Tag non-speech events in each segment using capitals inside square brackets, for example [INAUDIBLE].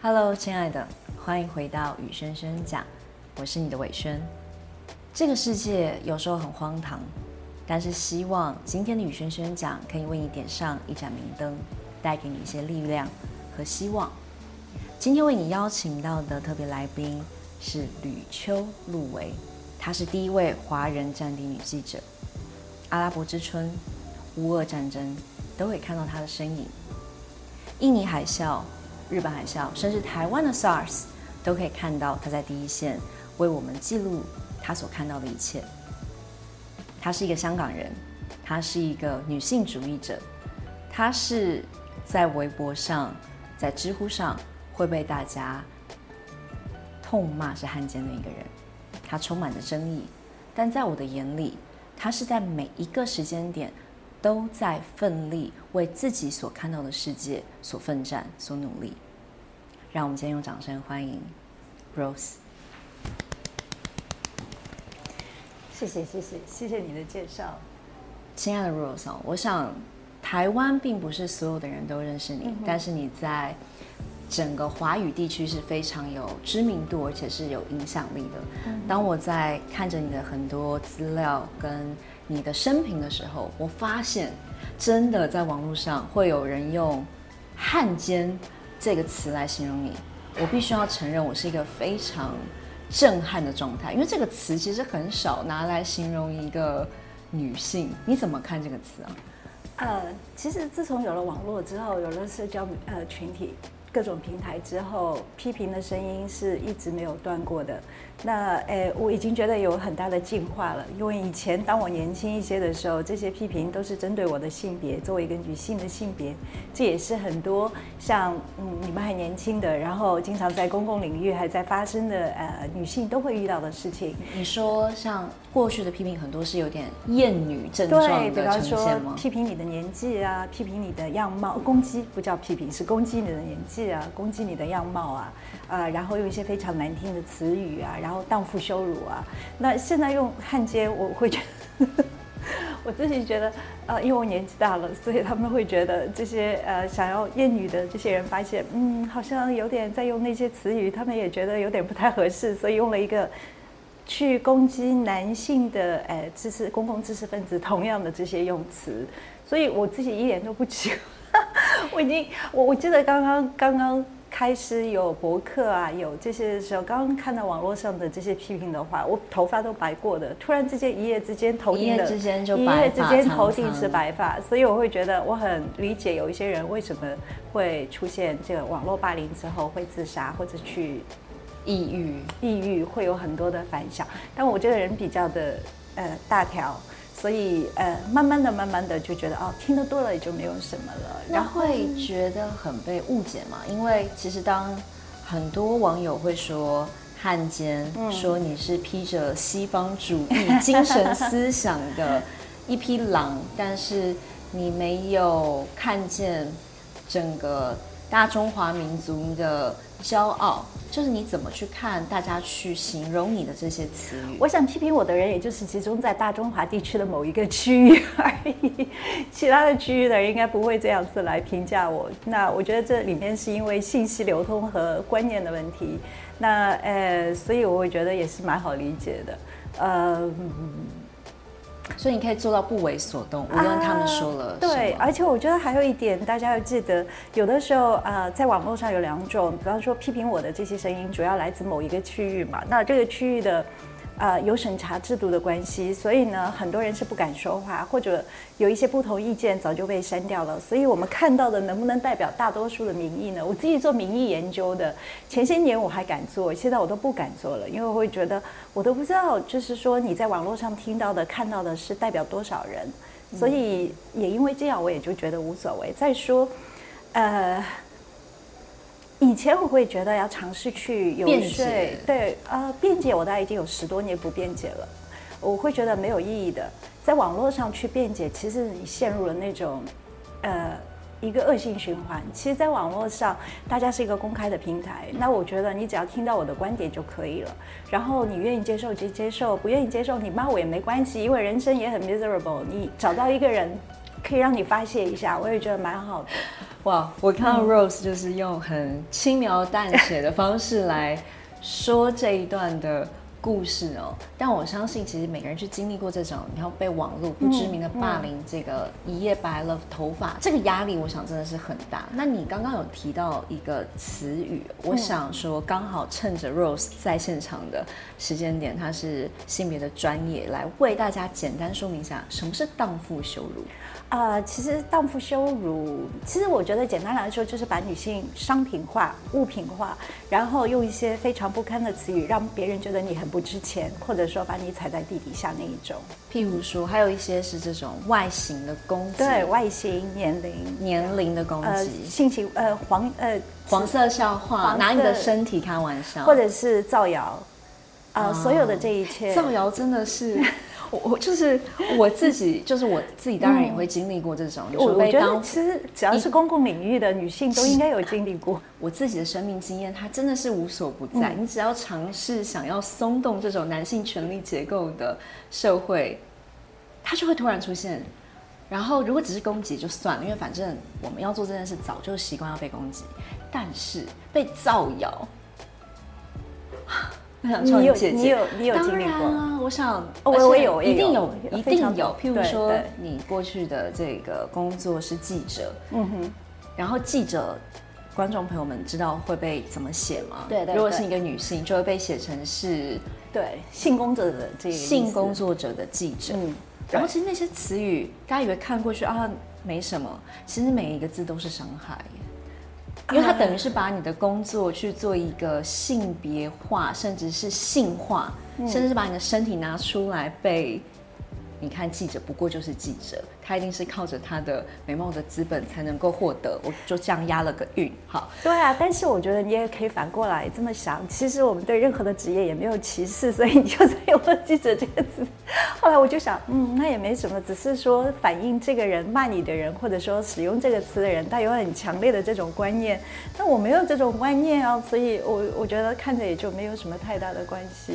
Hello，親愛的，歡迎回到與軒軒講。我是你的瑋軒。這個世界有時候很荒唐，但是希望今天的與軒軒講可以為你點上一盞明燈，帶給你一些力量和希望。今天為你邀請到的特別來賓是閭丘露薇，她是第一位華人戰地女記者。阿拉伯之春、烏俄戰爭都會看到她的身影。印尼海嘯。日本海嘯，甚至台灣的 SARS，都可以看到他在第一線為我們記錄他所看到的一切。他是一個香港人，他是一個女性主義者，他是在微博上、在知乎上會被大家痛罵是漢奸的一個人。他充滿著爭議，但在我的眼裡，他是在每一個時間點，都在奮力為自己所看到的世界所奮戰、所努力，讓我們今天用掌聲歡迎 Rose。謝謝，謝謝，謝謝你的介紹。親愛的 Rose，我想台灣並不是所有的人都認識你、嗯，但是你在整個華語地區是非常有知名度，而且是有影響力的。嗯、當我在看着你的很多資料跟……你的生平的時候，我發現真的在網絡上會有人用“漢奸”這個詞來形容你。我必須要承認，我是一個非常震撼的狀態，因為這個詞其實很少拿來形容一個女性。你怎麼看這個詞啊？呃，其實自從有了網絡之後，有了社交呃群體、各種平台之後，批評的聲音是一直沒有斷過的。那誒、欸，我已經覺得有很大的進化了，因為以前當我年輕一些的時候，這些批評都是針對我的性別，作為一個女性的性別。這也是很多像嗯你們還年輕的，然後經常在公共領域還在發生的呃女性都會遇到的事情。你說像過去的批評很多是有點厭女症狀的呈現嗎？對，比方說批評你的年紀啊，批評你的樣貌，攻擊不叫批評，是攻擊你的年紀啊，攻擊你的樣貌啊。啊、呃，然後用一些非常難聽的詞語啊，然後蕩婦羞辱啊。那現在用漢奸，我會覺得呵呵，我自己覺得，呃，因為我年紀大了，所以他們會覺得這些呃想要厭女的這些人發現，嗯，好像有點在用那些詞語，他們也覺得有點不太合適，所以用了一個去攻擊男性的，哎、呃，知識公共知識分子同樣的這些用詞。所以我自己一點都不奇怪，我已經，我我記得剛剛剛剛。開始有博客啊，有這些的時候，剛剛看到網絡上的這些批評的話，我頭髮都白過的，突然之間一夜之間頭一夜之間就白髮一夜之間頭頂是白髮，所以我會覺得我很理解有一些人為什麼會出現這個網絡霸凌之後會自殺或者去抑鬱，抑鬱會有很多的反響。但我這個人比較的呃大條。所以，呃、哎，慢慢的、慢慢的，就覺得哦，聽得多了也就沒有什麼了。然後會覺得很被誤解嘛。因為其實當很多網友會說“漢奸”，嗯，說你是披着西方主義精神思想的一匹狼， [LAUGHS] 但是你沒有看見整個。大中華民族的驕傲，就是你怎麼去看，大家去形容你的這些詞語。我想批評我的人，也就是集中在大中華地區的某一個區域而已，其他的區域的人應該不會這樣子來評價我。那我覺得這裡面是因為信息流通和觀念的問題。那呃、欸，所以我覺得也是蠻好理解的。嗯。所以你可以做到不為所動，無論他們說了什麼、啊。對，而且我覺得還有一點，大家要記得，有的時候啊、呃，在網絡上有兩種，比方說批評我的這些聲音，主要來自某一個區域嘛，那這個區域的。呃，有審查制度的關係，所以呢，很多人是不敢說話，或者有一些不同意見早就被刪掉了。所以我們看到的能不能代表大多數的民意呢？我自己做民意研究的，前些年我還敢做，現在我都不敢做了，因為我會覺得我都不知道，就是說你在網絡上聽到的、看到的是代表多少人。所以也因為這樣，我也就覺得無所謂。再說，呃。以前我會覺得要嘗試去遊說，對，呃，辯解，我大概已經有十多年不辯解了。我會覺得沒有意義的，在網絡上去辯解，其實你陷入了那種，呃，一個惡性循環。其實，在網絡上，大家是一個公開的平台，那我覺得你只要聽到我的觀點就可以了。然後你願意接受就接受，不願意接受你罵我也沒關係，因為人生也很 miserable。你找到一個人可以讓你發洩一下，我也覺得蠻好的。哇、wow，我看到 Rose 就是用很輕描淡寫的方式來說這一段的故事哦。 [LAUGHS] 但我相信，其實每個人去經歷過這種，然後被網絡不知名的霸凌，這個一夜白了頭髮，嗯嗯，這個壓力，我想真的是很大。那你剛剛有提到一個詞語，嗯，我想說，剛好趁着 Rose 在現場的時間點，他是性別的專業，來為大家簡單說明一下，什麼是蕩婦羞辱。呃，其實蕩婦羞辱，其實我覺得簡單來說就是把女性商品化、物品化，然後用一些非常不堪的詞語，讓別人覺得你很不值錢，或者說把你踩在地底下那一種。譬如說，還有一些是這種外形的攻擊，對，外形、年齡、年齡的攻擊，呃、性情呃黃呃黃色笑話色，拿你的身體開玩笑，或者是造謠。啊、呃哦，所有的這一切，造謠真的是。 [LAUGHS] 我我就是我自己，就是我自己，當然也會經歷過這種。我、嗯、我覺得其實只要是公共領域的女性都應該有經歷過。我自己的生命經驗，它真的是無所不在、嗯。你只要嘗試想要鬆動這種男性權力結構的社會，它就會突然出現。然後如果只是攻擊就算了，因為反正我們要做這件事早就習慣要被攻擊。但是被造謠。你有你有你有經歷過、啊？我想，oh, 我我有一定有,有一定有,有,有。譬如說，你過去的這個工作是記者，嗯哼，然後記者，觀眾朋友們知道會被怎麼寫嗎？對,對對。如果是一個女性，就會被寫成是對性工作者的這個性工作者的記者。嗯，然後其實那些詞語，大家以為看過去啊沒什麼，其實每一個字都是傷害。因為他等於是把你的工作去做一個性別化，甚至是性化，嗯、甚至是把你的身體拿出來被，你看記者，不過就是記者。他一定是靠着他的美貌的資本才能夠獲得，我就這樣押了個韻，好。對啊，但是我覺得你也可以反過來這麼想，其實我們對任何的職業也沒有歧視，所以你就在用了“記者”這個詞。後來我就想，嗯，那也沒什麼，只是說反映這個人罵你的人，或者說使用這個詞的人，他有很強烈的這種觀念。但我沒有這種觀念啊、哦，所以我我覺得看着也就沒有什麼太大的關係。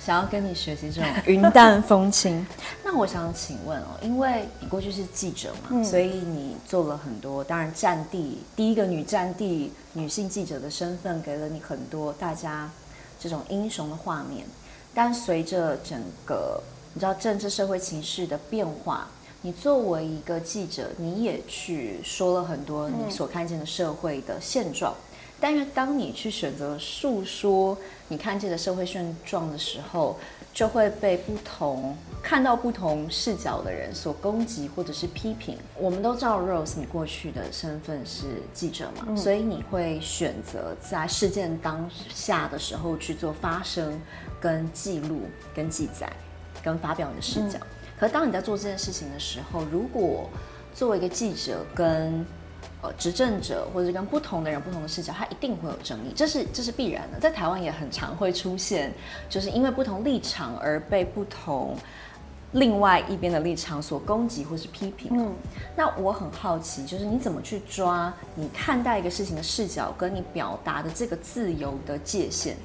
想要跟你學習這種雲淡風輕。 [LAUGHS] 那我想請問哦，因為你過去。是記者嘛、嗯，所以你做了很多。當然，戰地第一個女戰地女性記者的身份給了你很多大家這種英雄的畫面。但隨着整個你知道政治社會情勢的變化，你作為一個記者，你也去說了很多你所看見的社會的現狀。嗯但是，當你去選擇訴說你看這個社會現狀的時候，就會被不同看到不同視角的人所攻擊或者是批評。我們都知道 Rose，你過去的身份是記者嘛，所以你會選擇在事件當下的時候去做發聲、跟記錄、跟記載、跟發表你的視角。可是當你在做這件事情的時候，如果作為一個記者跟執政者或者跟不同的人、不同的視角，他一定會有爭議，這是這是必然的。在台灣也很常會出現，就是因為不同立場而被不同另外一邊的立場所攻擊或是批評。嗯，那我很好奇，就是你怎麼去抓你看待一個事情的視角跟你表達的這個自由的界限？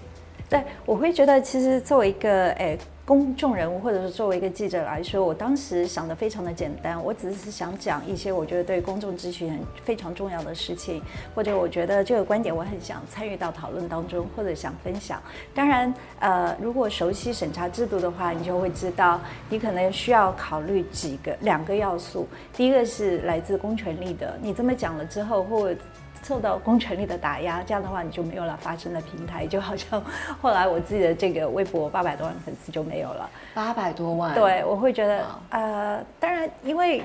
對，我會覺得，其實作為一個誒。欸公眾人物，或者是作為一個記者來說，我當時想得非常的簡單，我只是想講一些我覺得對公眾諮詢很非常重要的事情，或者我覺得這個觀點我很想參與到討論當中，或者想分享。當然，呃，如果熟悉審查制度的話，你就會知道，你可能需要考慮幾個兩個要素。第一個是來自公權力的，你這麼講了之後，或受到公權力的打壓，這樣的話你就沒有了發聲的平台，就好像後來我自己的這個微博八百多萬粉絲就沒有了。八百多萬，對，我會覺得，啊、呃，當然，因為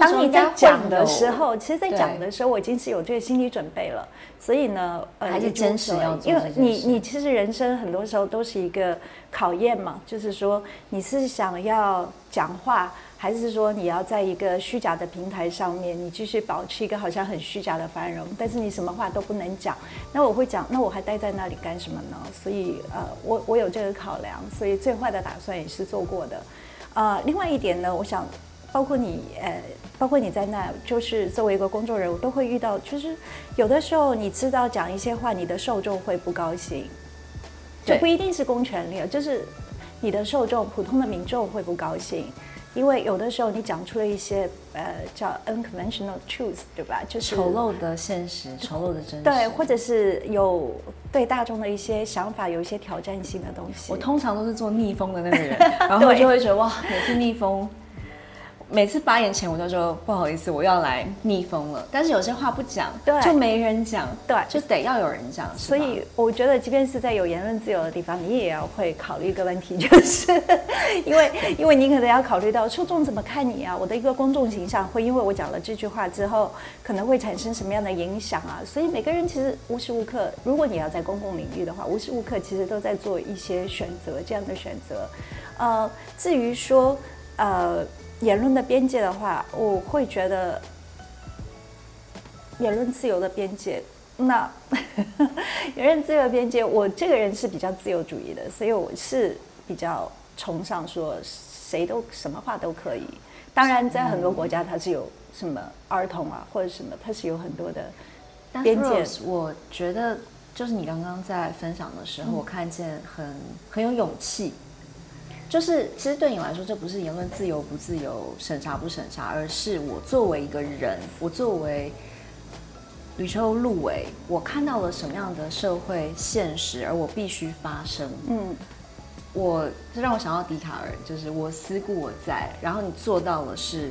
當你在講的時候，其實，在講的時候，我已經是有這個心理準備了。所以呢，呃，還是堅持，因為你，你其實人生很多時候都是一個考驗嘛，就是說你是想要講話。還是說你要在一個虛假的平台上面，你繼續保持一個好像很虛假的繁榮，但是你什麼話都不能講。那我會講，那我還待在那裡幹什麼呢？所以呃，我我有這個考量，所以最壞的打算也是做過的。啊、呃，另外一點呢，我想包括你呃，包括你在那，就是作為一個公眾人物，我都會遇到，就是有的時候你知道講一些話，你的受眾會不高興，就不一定是公權力，就是你的受眾，普通的民眾會不高興。因為有的時候你講出了一些呃叫 unconventional truth，對吧？就是醜陋的現實，醜陋的真實，對，或者是有對大眾的一些想法有一些挑戰性的東西。我通常都是做逆風的那個人， [LAUGHS] 然後我就會覺得哇，每次逆風。每次發言前，我都說不好意思，我要來逆風了。但是有些話不講，對，就沒人講，對，就得要有人講，是吧？所以我覺得，即便是在有言論自由的地方，你也要會考慮一個問題，就是因為因為你可能要考慮到受眾怎麼看你啊。我的一個公眾形象會因為我講了這句話之後，可能會產生什麼樣的影響啊？所以每個人其實無時無刻，如果你要在公共領域的話，無時無刻其實都在做一些選擇，這樣的選擇。呃，至於說，呃。言論的邊界的話，我會覺得言論自由的邊界，那、no. [LAUGHS] 言論自由的邊界，我這個人是比較自由主義的，所以我是比較崇尚說誰都什麼話都可以。當然，在很多國家，它是有什麼兒童啊，或者什麼，它是有很多的邊界。但是 Rose, 我覺得就是你剛剛在分享的時候，嗯、我看見很很有勇氣。就是，其實對你來說，這不是言論自由不自由、審查不審查，而是我作為一個人，我作為閭丘露薇，我看到了什麼樣的社會現實，而我必須發聲。嗯，我這讓我想到笛卡爾，就是我思故我在。然後你做到了，是。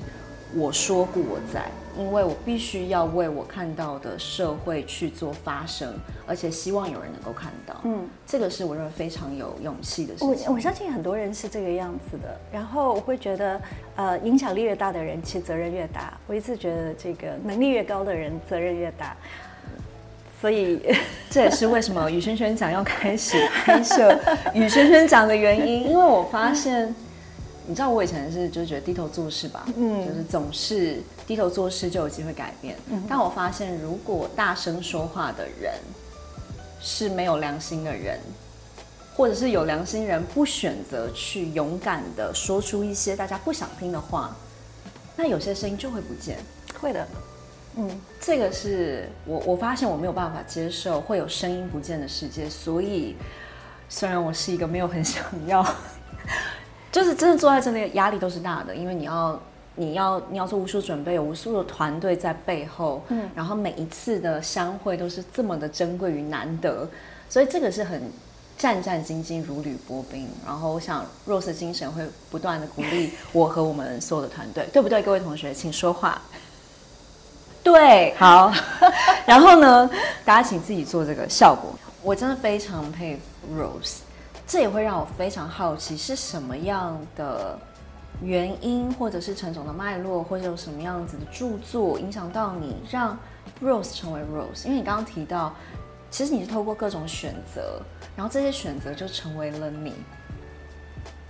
我說過我在，因為我必須要為我看到的社會去做發聲，而且希望有人能夠看到。嗯，這個是我認為非常有勇氣的事情。我，我相信很多人是這個樣子的。然後我會覺得，呃，影響力越大的人，其實責任越大。我一直覺得，這個能力越高的人，責任越大。所以 [LAUGHS] 這也是為什麼與軒軒講要開始拍攝與軒軒講的原因，因為我發現。你知道我以前是就覺得低頭做事吧，嗯，就是總是低頭做事就有機會改變，嗯。但我發現，如果大聲說話的人是沒有良心的人，或者是有良心人不選擇去勇敢的說出一些大家不想聽的話，那有些聲音就會不見。會的，嗯，這個是我我發現我沒有辦法接受會有聲音不見的世界，所以雖然我是一個沒有很想要。就是真的坐在這裡，壓力都是大的，因為你要，你要，你要做無數準備，有無數的團隊在背後，嗯，然後每一次的相會都是這麼的珍貴與難得，所以這個是很戰戰兢兢、如履薄冰。然後我想，Rose 的精神會不斷的鼓勵我和我們所有的團隊， [LAUGHS] 對不對？各位同學，請說話。對，好， [LAUGHS] 然後呢，大家請自己做這個效果。我真的非常佩服 Rose。這也會讓我非常好奇，是什麼樣的原因，或者是成長的脈絡，或者有什麼樣子的著作影響到你，讓 Rose 成為 Rose？因為你剛剛提到，其實你是透過各種選擇，然後這些選擇就成為了你。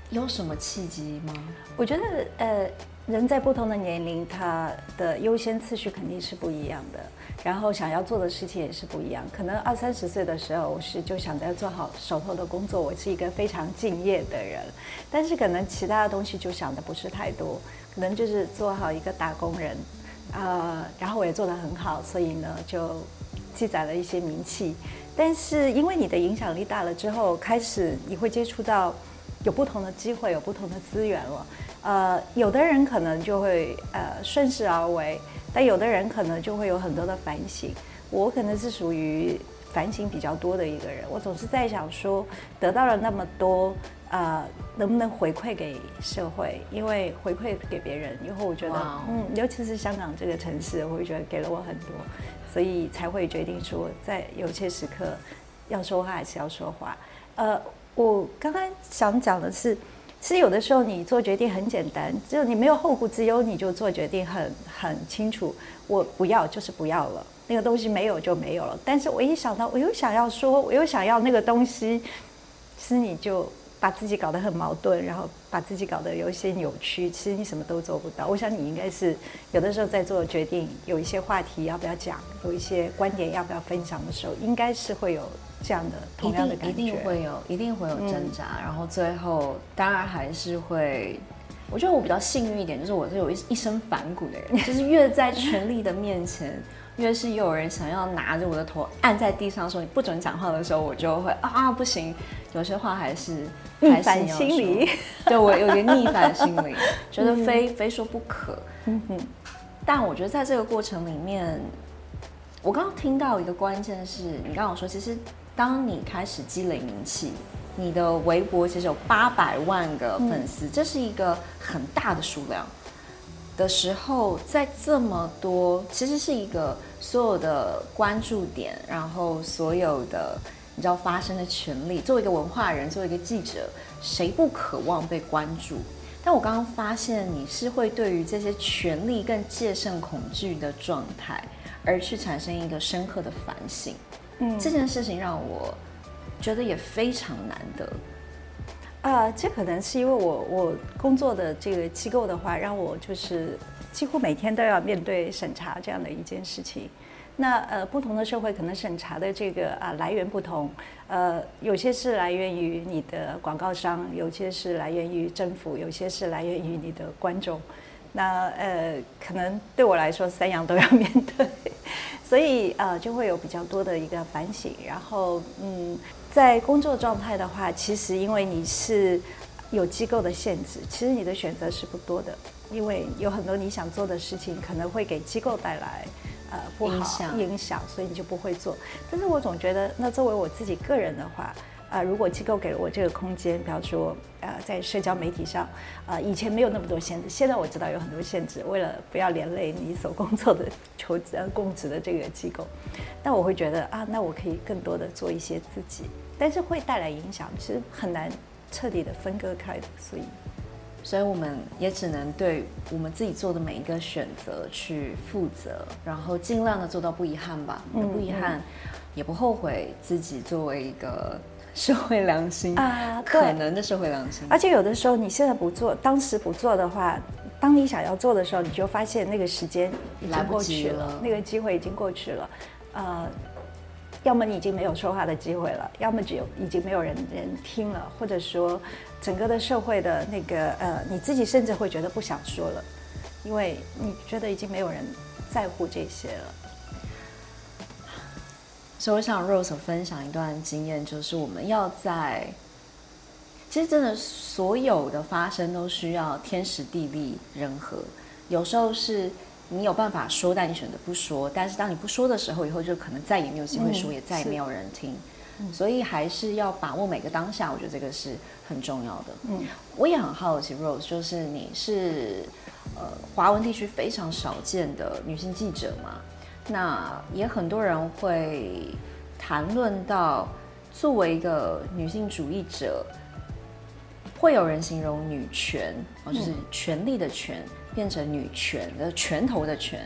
有什麼契機嗎？我覺得，呃，人在不同的年齡，他的優先次序肯定是不一樣的。然後想要做的事情也是不一樣，可能二三十歲的時候，我是就想着要做好手頭的工作，我是一個非常敬業的人，但是可能其他的東西就想的不是太多，可能就是做好一個打工人，呃，然後我也做得很好，所以呢就記載了一些名氣。但是因為你的影響力大了之後，開始你會接觸到有不同的機會，有不同的資源了，呃，有的人可能就會呃順勢而為。但有的人可能就會有很多的反省，我可能是屬於反省比較多的一個人。我總是在想說，得到了那麼多，呃，能不能回饋給社會？因為回饋給別人，以後我覺得，wow. 嗯，尤其是香港這個城市，我會覺得給了我很多，所以才會決定說，在有些時刻，要說話還是要說話。呃，我剛剛想講的是。其實有的時候你做決定很簡單，就是你沒有後顧之憂，你就做決定很很清楚。我不要就是不要了，那個東西沒有就沒有了。但是我一想到我又想要說，我又想要那個東西，其實你就把自己搞得很矛盾，然後把自己搞得有一些扭曲。其實你什麼都做不到。我想你應該是有的時候在做決定，有一些話題要不要講，有一些觀點要不要分享的時候，應該是會有。這樣的同樣的感覺，一定會有，一定會有掙扎，嗯、然後最後當然還是會。我覺得我比較幸運一點，就是我是有一一身反骨的人，就是越在權力的面前， [LAUGHS] 越是又有人想要拿着我的頭按在地上說你不准講話的時候，我就會啊，啊不行，有些話還是還是心理。對我有一個逆反心理，心理 [LAUGHS] 覺得非、嗯、非說不可、嗯哼。但我覺得在這個過程裡面，我剛剛聽到一個關鍵是你剛剛說，其實。當你開始積累名氣，你的微博其實有八百萬個粉絲、嗯，這是一個很大的數量的時候，在這麼多，其實是一個所有的關注點，然後所有的你知道發生的權利，作為一個文化人，作為一個記者，誰不渴望被關注？但我剛剛發現你是會對於這些權力更戒慎恐懼的狀態，而去產生一個深刻的反省。這件事情讓我覺得也非常難得啊、嗯呃！這可能是因為我我工作的這個機構的話，讓我就是幾乎每天都要面對審查這樣的一件事情。那呃，不同的社會可能審查的這個啊、呃、來源不同，呃，有些是來源於你的廣告商，有些是來源於政府，有些是來源於你的觀眾。那呃，可能對我來說，三樣都要面對。所以呃，就會有比較多的一個反省。然後嗯，在工作狀態的話，其實因為你是有機構的限制，其實你的選擇是不多的。因為有很多你想做的事情，可能會給機構帶來呃不好影響，所以你就不會做。但是我總覺得，那作為我自己個人的話。啊、呃，如果機構給了我這個空間，比方說，啊、呃，在社交媒體上，呃，以前沒有那麼多限制，現在我知道有很多限制。為了不要連累你所工作的求職、供職的這個機構，那我會覺得啊，那我可以更多的做一些自己，但是會帶來影響，其實很難徹底的分割開的。所以，所以我們也只能對我們自己做的每一個選擇去負責，然後儘量的做到不遺憾吧，嗯、不遺憾、嗯，也不後悔自己作為一個。社會良心啊、uh,，對，可能的社會良心。而且有的時候，你現在不做，當時不做的話，當你想要做的時候，你就發現那個時間已經過去了，了那個機會已經過去了。呃、uh,，要麼你已經沒有說話的機會了，要麼就已經沒有人人聽了，或者說整個的社會的那個呃，uh, 你自己甚至會覺得不想說了，因為你覺得已經沒有人在乎這些了。所以，我想 Rose 分享一段經驗，就是我們要在。其實，真的所有的發生都需要天時地利人和。有時候是，你有辦法說，但你選擇不說。但是，當你不說的時候，以後就可能再也沒有機會說，也再也沒有人聽。所以，還是要把握每個當下。我覺得這個是很重要的。嗯，我也很好奇，Rose，就是你是呃，華文地區非常少見的女性記者嘛？那也很多人會談論到，作為一個女性主義者，會有人形容女權哦，就是權力的權變成女權的拳頭的拳。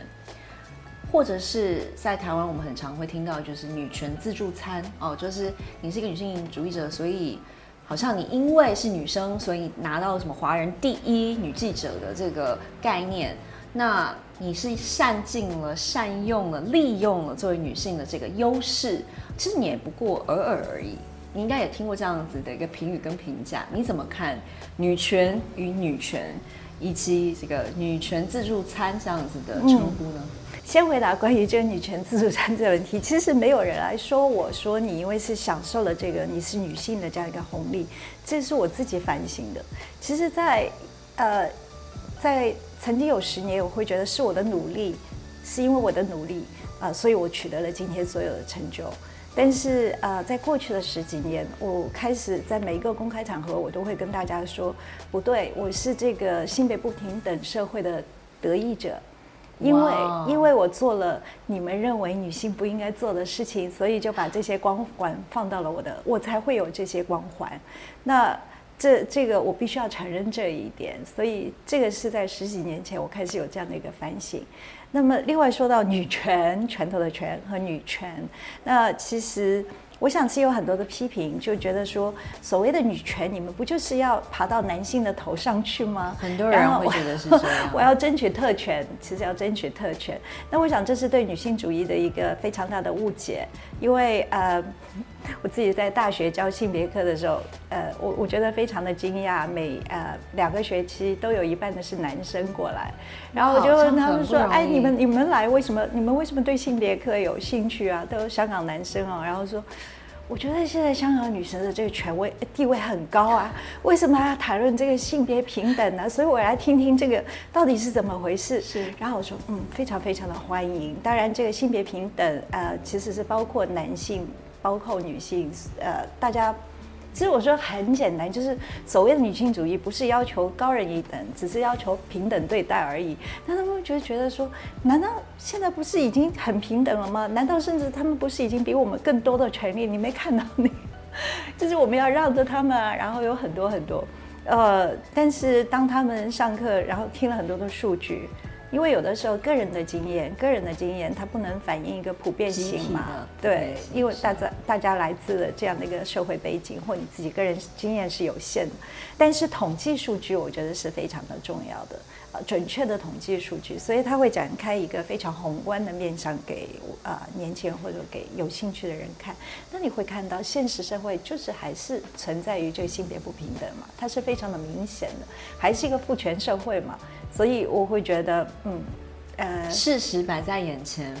或者是在台灣我們很常會聽到，就是女權自助餐哦，就是你是一個女性主義者，所以好像你因為是女生，所以拿到什麼華人第一女記者的這個概念。那你是善盡了，善用了，利用了作為女性的這個優勢，其實你也不過爾爾而已。你應該也聽過這樣子的一個評語跟評價，你怎麼看“女權”與“女權”，以及這個“女權自助餐”這樣子的稱呼呢？嗯。先回答關於這個“女權自助餐”這個問題，其實沒有人來說我說你，因為是享受了這個你是女性的這樣一個紅利，這是我自己反省的。其實在，在呃，在。曾經有十年，我會覺得是我的努力，是因為我的努力啊、呃，所以我取得了今天所有的成就。但是啊、呃，在過去的十幾年，我開始在每一個公開場合，我都會跟大家說，不對，我是這個性別不平等社會的得益者，因為、Wow. 因為我做了你們認為女性不應該做的事情，所以就把這些光環放到了我的，我才會有這些光環。那。這這個我必須要承認這一點，所以這個是在十幾年前我開始有這樣的一個反省。那麼，另外說到女權，拳頭的拳和女權，那其實我想是有很多的批評，就覺得說所謂的女權，你們不就是要爬到男性的頭上去嗎？很多人會覺得是這樣。我要爭取特權，其實要爭取特權。那我想這是對女性主義的一個非常大的誤解，因為呃。我自己在大學教性別課的時候，呃，我我覺得非常的驚訝，每呃兩個學期都有一半的是男生過來，然後我就問他們說：“哎，你們你們來為什麼？你們為什麼對性別課有興趣啊？”都有香港男生哦。然後說：“我覺得現在香港女生的這個權威地位很高啊，為什麼還要談論這個性別平等呢？”所以我來聽聽這個到底是怎麼回事。是，然後我說：“嗯，非常非常的歡迎。當然，這個性別平等啊，呃，其實是包括男性。”包括女性，呃，大家，其實我說很簡單，就是所謂的女性主義，不是要求高人一等，只是要求平等對待而已。但他們會覺得覺得說，難道現在不是已經很平等了嗎？難道甚至他們不是已經比我們更多的權利？你沒看到你，就是我們要讓着他們啊，然後有很多很多，呃，但是當他們上課，然後聽了很多的數據。因為有的時候個人的經驗，個人的經驗它不能反映一個普遍性嘛，對，因為大家大家來自了這樣的一個社會背景，或你自己個人經驗是有限的，但是統計數據我覺得是非常的重要的，呃、準確的統計數據，所以它會展開一個非常宏觀的面向給啊、呃、年輕人或者給有興趣的人看，那你會看到現實社會就是還是存在於這個性別不平等嘛，它是非常的明顯的，還是一個父權社會嘛。所以我會覺得，嗯，呃，事實擺在眼前。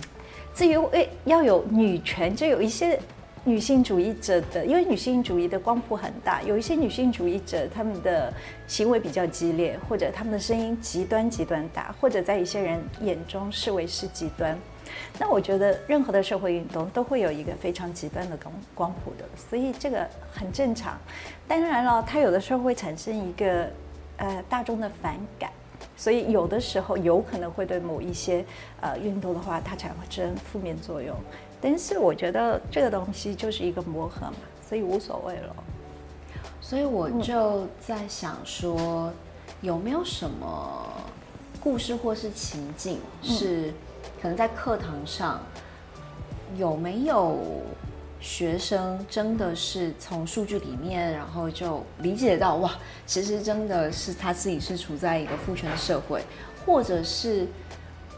至於誒，要有女權，就有一些女性主義者的，的，因為女性主義的光譜很大，有一些女性主義者她們的行為比較激烈，或者她們的聲音極端極端大，或者在一些人眼中視為是極端。那我覺得任何的社會運動都會有一個非常極端的光光譜的，所以這個很正常。當然了，他有的時候會產生一個呃大眾的反感。所以有的時候有可能會對某一些呃運動的話，它產生負面作用。但是我覺得這個東西就是一個磨合嘛，所以無所謂了。所以我就在想說，有沒有什麼故事或是情境是可能在課堂上有沒有？學生真的是從數據裡面，然後就理解到哇，其實真的是他自己是處在一個父權的社會，或者是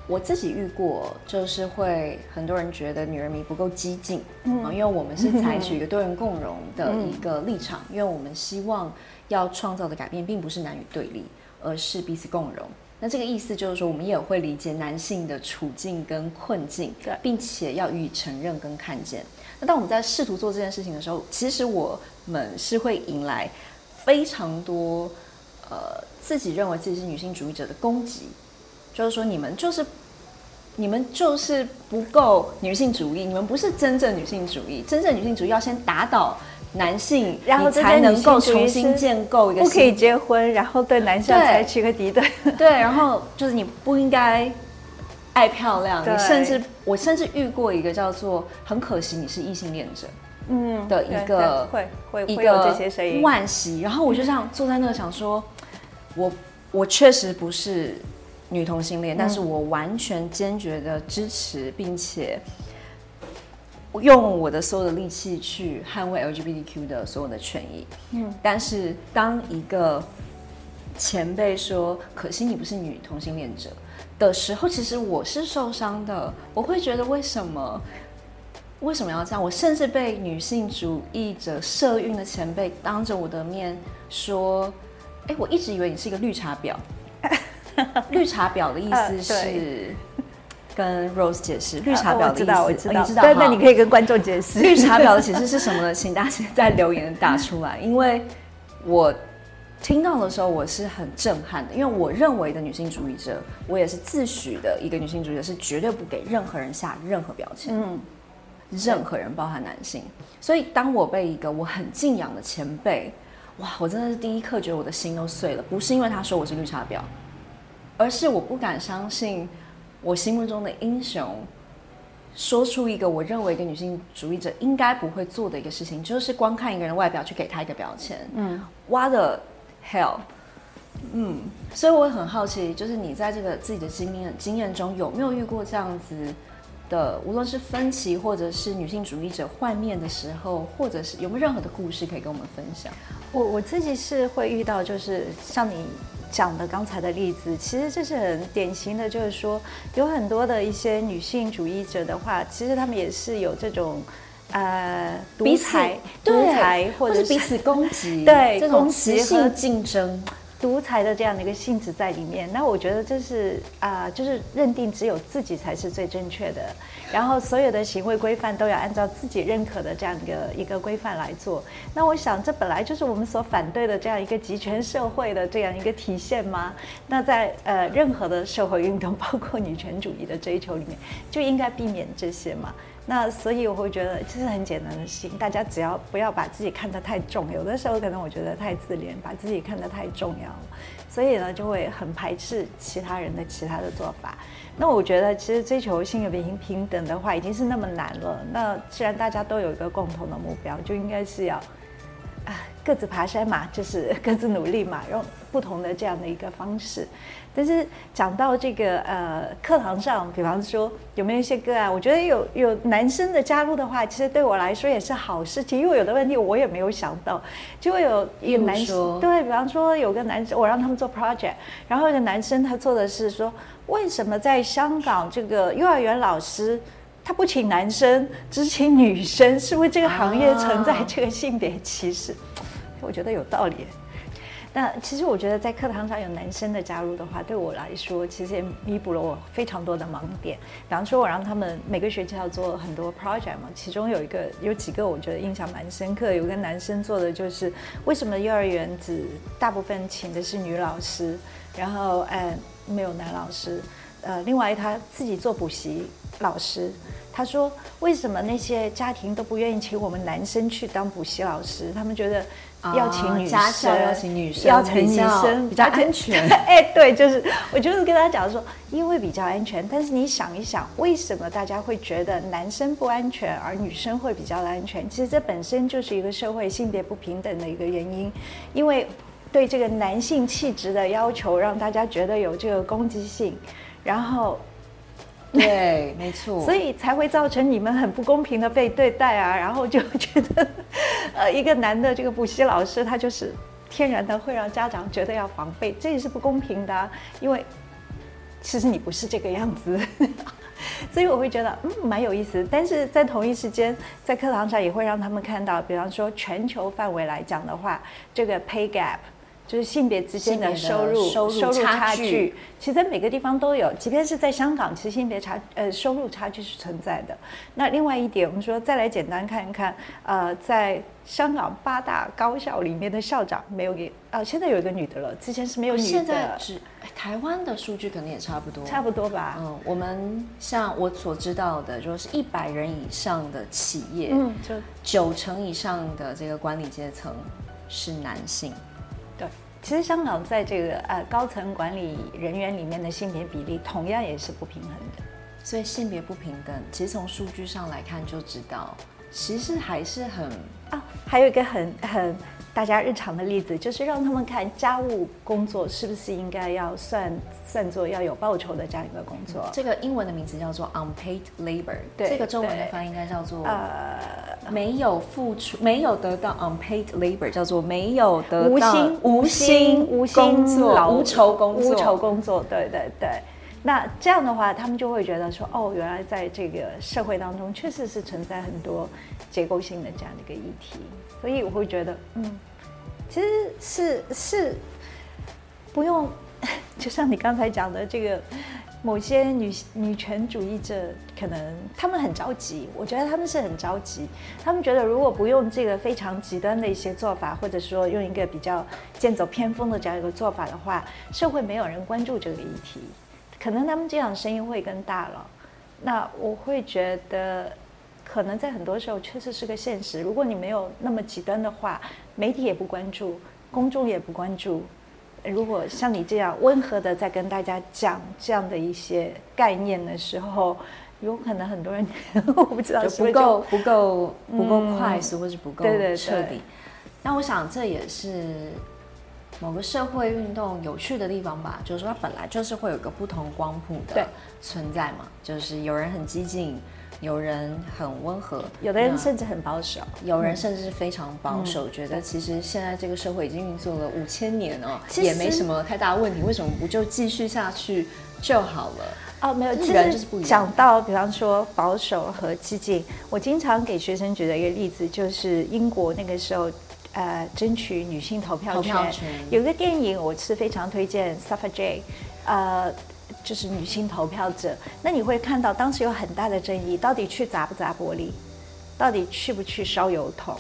我自己遇過，就是會很多人覺得女人迷不夠激進，嗯、啊，因為我們是採取一個多元共融的一個立場，嗯，因為我們希望要創造的改變並不是男女對立，而是彼此共融。那這個意思就是說，我們也會理解男性的處境跟困境，並且要予以承認跟看見。那當我們在試圖做這件事情的時候，其實我們是會迎來非常多，呃，自己認為自己是女性主義者的攻擊，就是說你們就是，你們就是不夠女性主義，你們不是真正女性主義，真正女性主義要先打倒。男性，然後才能夠重新建構一個。不可以結婚，然後對男性採取一個敵對，對。對，然後就是你不應該愛漂亮。你甚至，我甚至遇過一個叫做很可惜你是異性戀者的，嗯，的一個會會會有這些聲音。惋惜，然後我就這樣坐在那想說，我我確實不是女同性戀，嗯、但是我完全堅決的支持並且。用我的所有的力氣去捍衛 LGBTQ 的所有的權益，嗯，但是當一個前輩說“可惜你不是女同性戀者”的時候，其實我是受傷的。我會覺得為什麼為什麼要這樣？我甚至被女性主義者社運的前輩當着我的面說：“欸，我一直以為你是一個綠茶婊。 [LAUGHS] ”綠茶婊的意思是。呃跟 Rose 解釋“綠茶婊”的意思。啊，我知道，我知道。但那你可以跟觀眾解釋“ [LAUGHS] 綠茶婊”的解釋是什麼呢？請大家在留言打出來， [LAUGHS] 因為我聽到的時候我是很震撼的，因為我認為的女性主義者，我也是自詡的一個女性主義者，是絕對不給任何人下任何標籤，嗯，任何人，包含男性。所以當我被一個我很敬仰的前輩，哇，我真的是第一刻覺得我的心都碎了，不是因為他說我是綠茶婊，而是我不敢相信。我心目中的英雄，說出一個我認為一個女性主義者應該不會做的一個事情，就是光看一個人的外表去給他一個標籤。嗯，What the hell？嗯，所以我很好奇，就是你在這個自己的經驗經驗中有沒有遇過這樣子的，無論是分歧，或者是女性主義者換面的時候，或者是有沒有任何的故事可以跟我們分享？我我自己是會遇到，就是像你。講的剛才的例子，其實這是很典型的，就是說有很多的一些女性主義者的話，其實他們也是有這種，呃，獨裁、獨裁或者是彼此攻擊、對這種雌性競爭。獨裁的這樣的一個性質在裡面，那我覺得這是啊、呃，就是認定只有自己才是最正確的，然後所有的行為規範都要按照自己認可的這樣一個一個規範來做。那我想，這本來就是我們所反對的這樣一個極權社會的這樣一個體現嘛。那在呃任何的社會運動，包括女權主義的追求裡面，就應該避免這些嘛。那所以我會覺得這是很簡單的事情，大家只要不要把自己看得太重，有的時候可能我覺得太自戀，把自己看得太重要了，所以呢就會很排斥其他人的其他的做法。那我覺得其實追求性別平平等的話已經是那麼難了，那既然大家都有一個共同的目標，就應該是要啊各自爬山嘛，就是各自努力嘛，用不同的這樣的一個方式。但是講到這個呃，課堂上，比方說有沒有一些個案，我覺得有有男生的加入的話，其實對我來說也是好事情，因為有的問題我也沒有想到，就有有男生對，比方說有個男生，我讓他們做 project，然後一個男生他做的是說，為什麼在香港這個幼兒園老師他不請男生，只請女生，是不是這個行業存在這個性別歧視？啊、我覺得有道理。那其實我覺得，在課堂上有男生的加入的話，對我來說，其實也彌補了我非常多的盲點。比方說，我讓他們每個學期要做很多 project 嘛，其中有一個，有幾個我覺得印象蠻深刻。有個男生做的就是，為什麼幼兒園只大部分請的是女老師，然後呃、哎、沒有男老師？呃，另外他自己做補習老師，他說為什麼那些家庭都不願意請我們男生去當補習老師？他們覺得。請啊、要請女生，要請女生，要請女生比較安全。哎、嗯，對，就是我就是跟他講說，因為比較安全。但是你想一想，為什麼大家會覺得男生不安全，而女生會比較安全？其實這本身就是一個社會性別不平等的一個原因，因為對這個男性氣質的要求，讓大家覺得有這個攻擊性，然後。對，沒錯， [LAUGHS] 所以才會造成你們很不公平的被對待啊，然後就覺得，呃，一個男的這個補習老師，他就是天然的會讓家長覺得要防備，這也是不公平的，因為其實你不是這個樣子， [LAUGHS] 所以我會覺得嗯蠻有意思，但是在同一時間，在課堂上也會讓他們看到，比方說全球範圍來講的話，這個 pay gap。就是性別之間的收入，的收，入收入差距，其實每個地方都有，即便是在香港，其實性別差呃收入差距是存在的。那另外一點，我們說再來簡單看一看，呃，在香港八大高校裡面的校長沒有給，啊、呃，現在有一個女的了，之前是沒有女的。現在只，欸、台灣的數據，可能也差不多，差不多吧。嗯，我們像我所知道的，如果是一百人以上的企業，嗯，就九成以上的這個管理階層是男性。其實香港在這個呃高層管理人員裡面的性別比例同樣也是不平衡的，所以性別不平等，其實從數據上來看就知道，其實還是很啊，還有一個很很。大家日常的例子就是讓他們看家務工作是不是應該要算算作要有報酬的這樣一個工作、嗯。這個英文的名字叫做 unpaid labor，對，這個中文的翻譯應該叫做沒呃沒有付出、沒有得到 unpaid labor，叫做沒有得到無心無心無心工作、無酬工作、無酬工作。對對對，那這樣的話，他們就會覺得說哦，原來在這個社會當中，確實是存在很多結構性的這樣的一個議題。所以我會覺得嗯。其實是是不用，就像你剛才講的，這個某些女女權主義者可能他們很着急，我覺得他們是很着急。他們覺得如果不用這個非常極端的一些做法，或者說用一個比較劍走偏鋒的這樣一個做法的話，社會沒有人關注這個議題，可能他們這樣聲音會更大了。那我會覺得，可能在很多時候確實是個現實。如果你沒有那麼極端的話。媒體也不關注，公眾也不關注。如果像你這樣溫和地在跟大家講這樣的一些概念的時候，有可能很多人呵呵，我不知道是不是不，不夠不夠不夠快速，或、嗯、者是，是不夠徹底對對對。那我想這也是某個社會運動有趣的地方吧，就是說它本來就是會有個不同光譜的存在嘛，就是有人很激進。有人很溫和，有的人甚至很保守，嗯、有人甚至是非常保守、嗯，覺得其實現在這個社會已經運作了五千年了、哦，也沒什麼太大問題，為什麼不就繼續下去就好了？哦，沒有，是就是、就是不一樣。講到比方說保守和激進，我經常給學生舉的一個例子就是英國那個時候，呃，爭取女性投票權，投票權，有一個電影我是非常推薦《Suffragette》，呃。就是女性投票者，那你會看到當時有很大的爭議，到底去砸不砸玻璃，到底去不去燒油桶。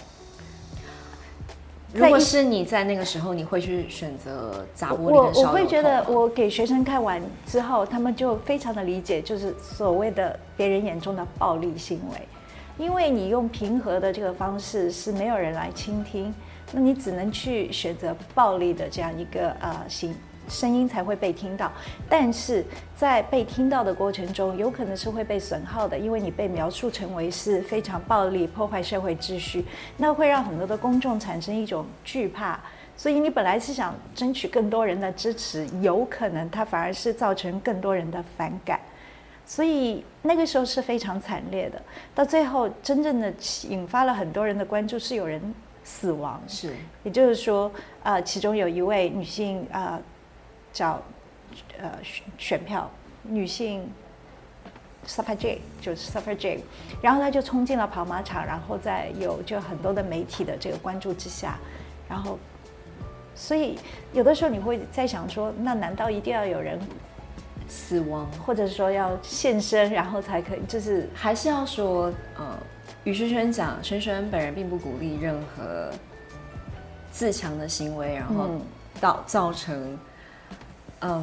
如果是你在那個時候，你會去選擇砸玻璃還是燒油桶？我我會覺得，我給學生看完之後，他們就非常的理解，就是所謂的別人眼中的暴力行為，因為你用平和的這個方式是沒有人來傾聽，那你只能去選擇暴力的這樣一個呃行。聲音才會被聽到，但是在被聽到的過程中，有可能是會被損耗的，因為你被描述成為是非常暴力、破壞社會秩序，那會讓很多的公眾產生一種懼怕。所以你本來是想爭取更多人的支持，有可能它反而是造成更多人的反感。所以那個時候是非常慘烈的。到最後，真正的引發了很多人的關注是有人死亡，是，也就是說，啊、呃，其中有一位女性啊。呃叫、呃，選票女性，Suffragette 就是 Suffragette，然後她就衝進了跑馬場，然後在有就很多的媒體的這個關注之下，然後所以有的時候你會在想說，那難道一定要有人死亡，或者說要獻身，然後才可以，就是還是要說，呃，與軒軒講，軒軒本人並不鼓勵任何自強的行為，然後到、嗯、造成。嗯、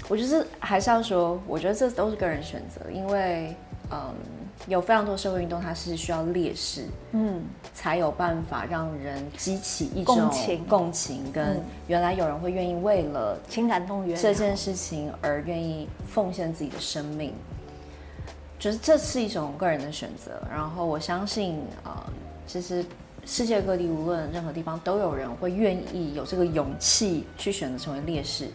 um，，我就是還是要說，我覺得這都是個人選擇，因為嗯，um, 有非常多社會運動，它是需要烈士，嗯，才有辦法讓人激起一種共情，共情跟原來有人會願意為了情感動員這件事情而願意奉獻自己的生命，就是這是一種個人的選擇。然後我相信，嗯，其實世界各地無論任何地方都有人會願意有這個勇氣去選擇成為烈士。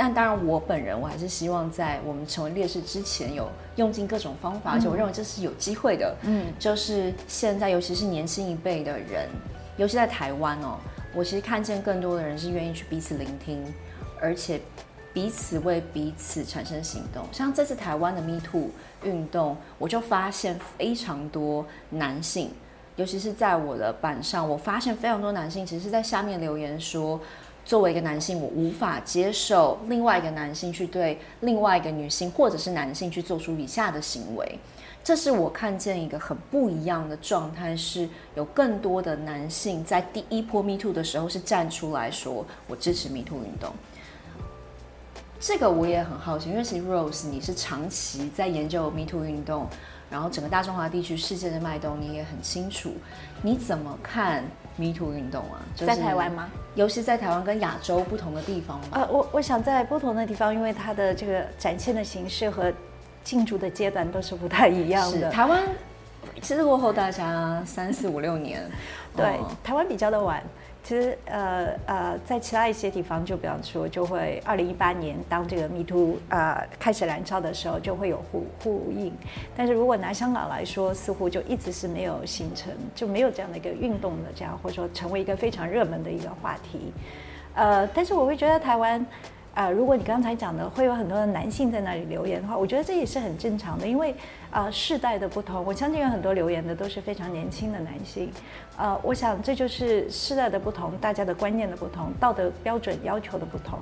但當然，我本人我還是希望在我們成為烈士之前，有用盡各種方法，嗯，而且我認為這是有機會的。嗯，就是現在，尤其是年輕一輩的人，尤其在台灣哦，我其實看見更多的人是願意去彼此聆聽，而且彼此為彼此產生行動。像這次台灣的 Me Too 運動，我就發現非常多男性，尤其是在我的版上，我發現非常多男性其實是在下面留言說。作為一個男性，我無法接受另外一個男性去對另外一個女性或者是男性去做出以下的行為，這是我看見一個很不一樣的狀態，是有更多的男性在第一波 Me Too 的時候是站出來說我支持 Me Too 運動。這個我也很好奇，因為其實 Rose 你是長期在研究 Me Too 運動，然後整個大中華地區世界的脈動你也很清楚，你怎麼看？MeToo 運動啊，就是、在台灣嗎？尤其在台灣跟亞洲不同的地方嗎、呃、我我想在不同的地方，因為它的這個展現的形式和進駐的階段都是不太一樣的。是台灣其實落後大家三四五六年、 [LAUGHS] 哦，對，台灣比較的晚。其實，呃呃，在其他一些地方，就比方說，就會二零一八年當這個 MeToo 啊開始燃燒的時候，就會有呼、呼應。但是如果拿香港來說，似乎就一直是沒有形成，就沒有這樣的一個運動的這樣，或者說成為一個非常熱門的一個話題。呃，但是我會覺得台灣，呃，如果你剛才講的會有很多的男性在那裡留言的話，我覺得這也是很正常的，因為啊，呃，世代的不同，我相信有很多留言的都是非常年輕的男性。呃，我想這就是時代的不同，大家的觀念的不同，道德標準要求的不同，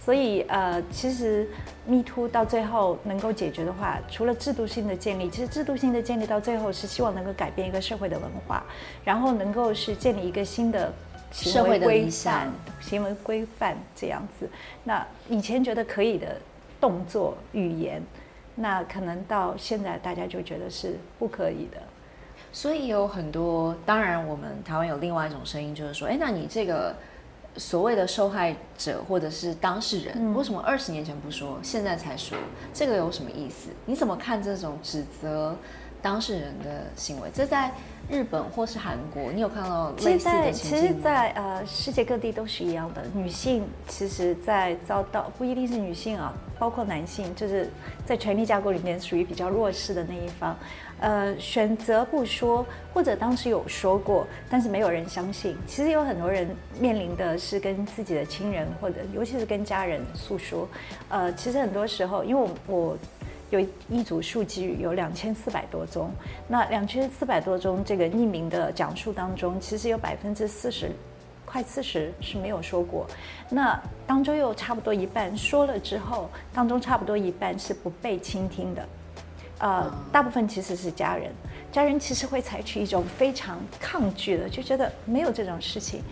所以呃，其實 Me Too 到最後能夠解決的話，除了制度性的建立，其實制度性的建立到最後是希望能夠改變一個社會的文化，然後能夠是建立一個新的社會規範，的行為規範這樣子。那以前覺得可以的動作、語言，那可能到現在大家就覺得是不可以的。所以有很多，當然，我們台灣有另外一種聲音，就是說，哎，那你這個所謂的受害者或者是當事人，嗯，為什麼二十年前不說，現在才說，這個有什麼意思？你怎麼看這種指責當事人的行為？這在日本或是韓國，你有看到類似的？現在，其實在，在呃，世界各地都是一樣的。女性其實，在遭到不一定是女性啊，包括男性，就是在權力架構裡面屬於比較弱勢的那一方。呃，選擇不說，或者當時有說過，但是沒有人相信。其實有很多人面臨的是跟自己的親人，或者尤其是跟家人訴說。呃，其實很多時候，因為我，我有一組數據，有兩千四百多宗。那兩千四百多宗這個匿名的講述當中，其實有百分之四十，快四十是沒有說過。那當中又差不多一半說了之後，當中差不多一半是不被傾聽的。呃，大部分其實是家人，家人其實會採取一種非常抗拒的，就覺得沒有這種事情，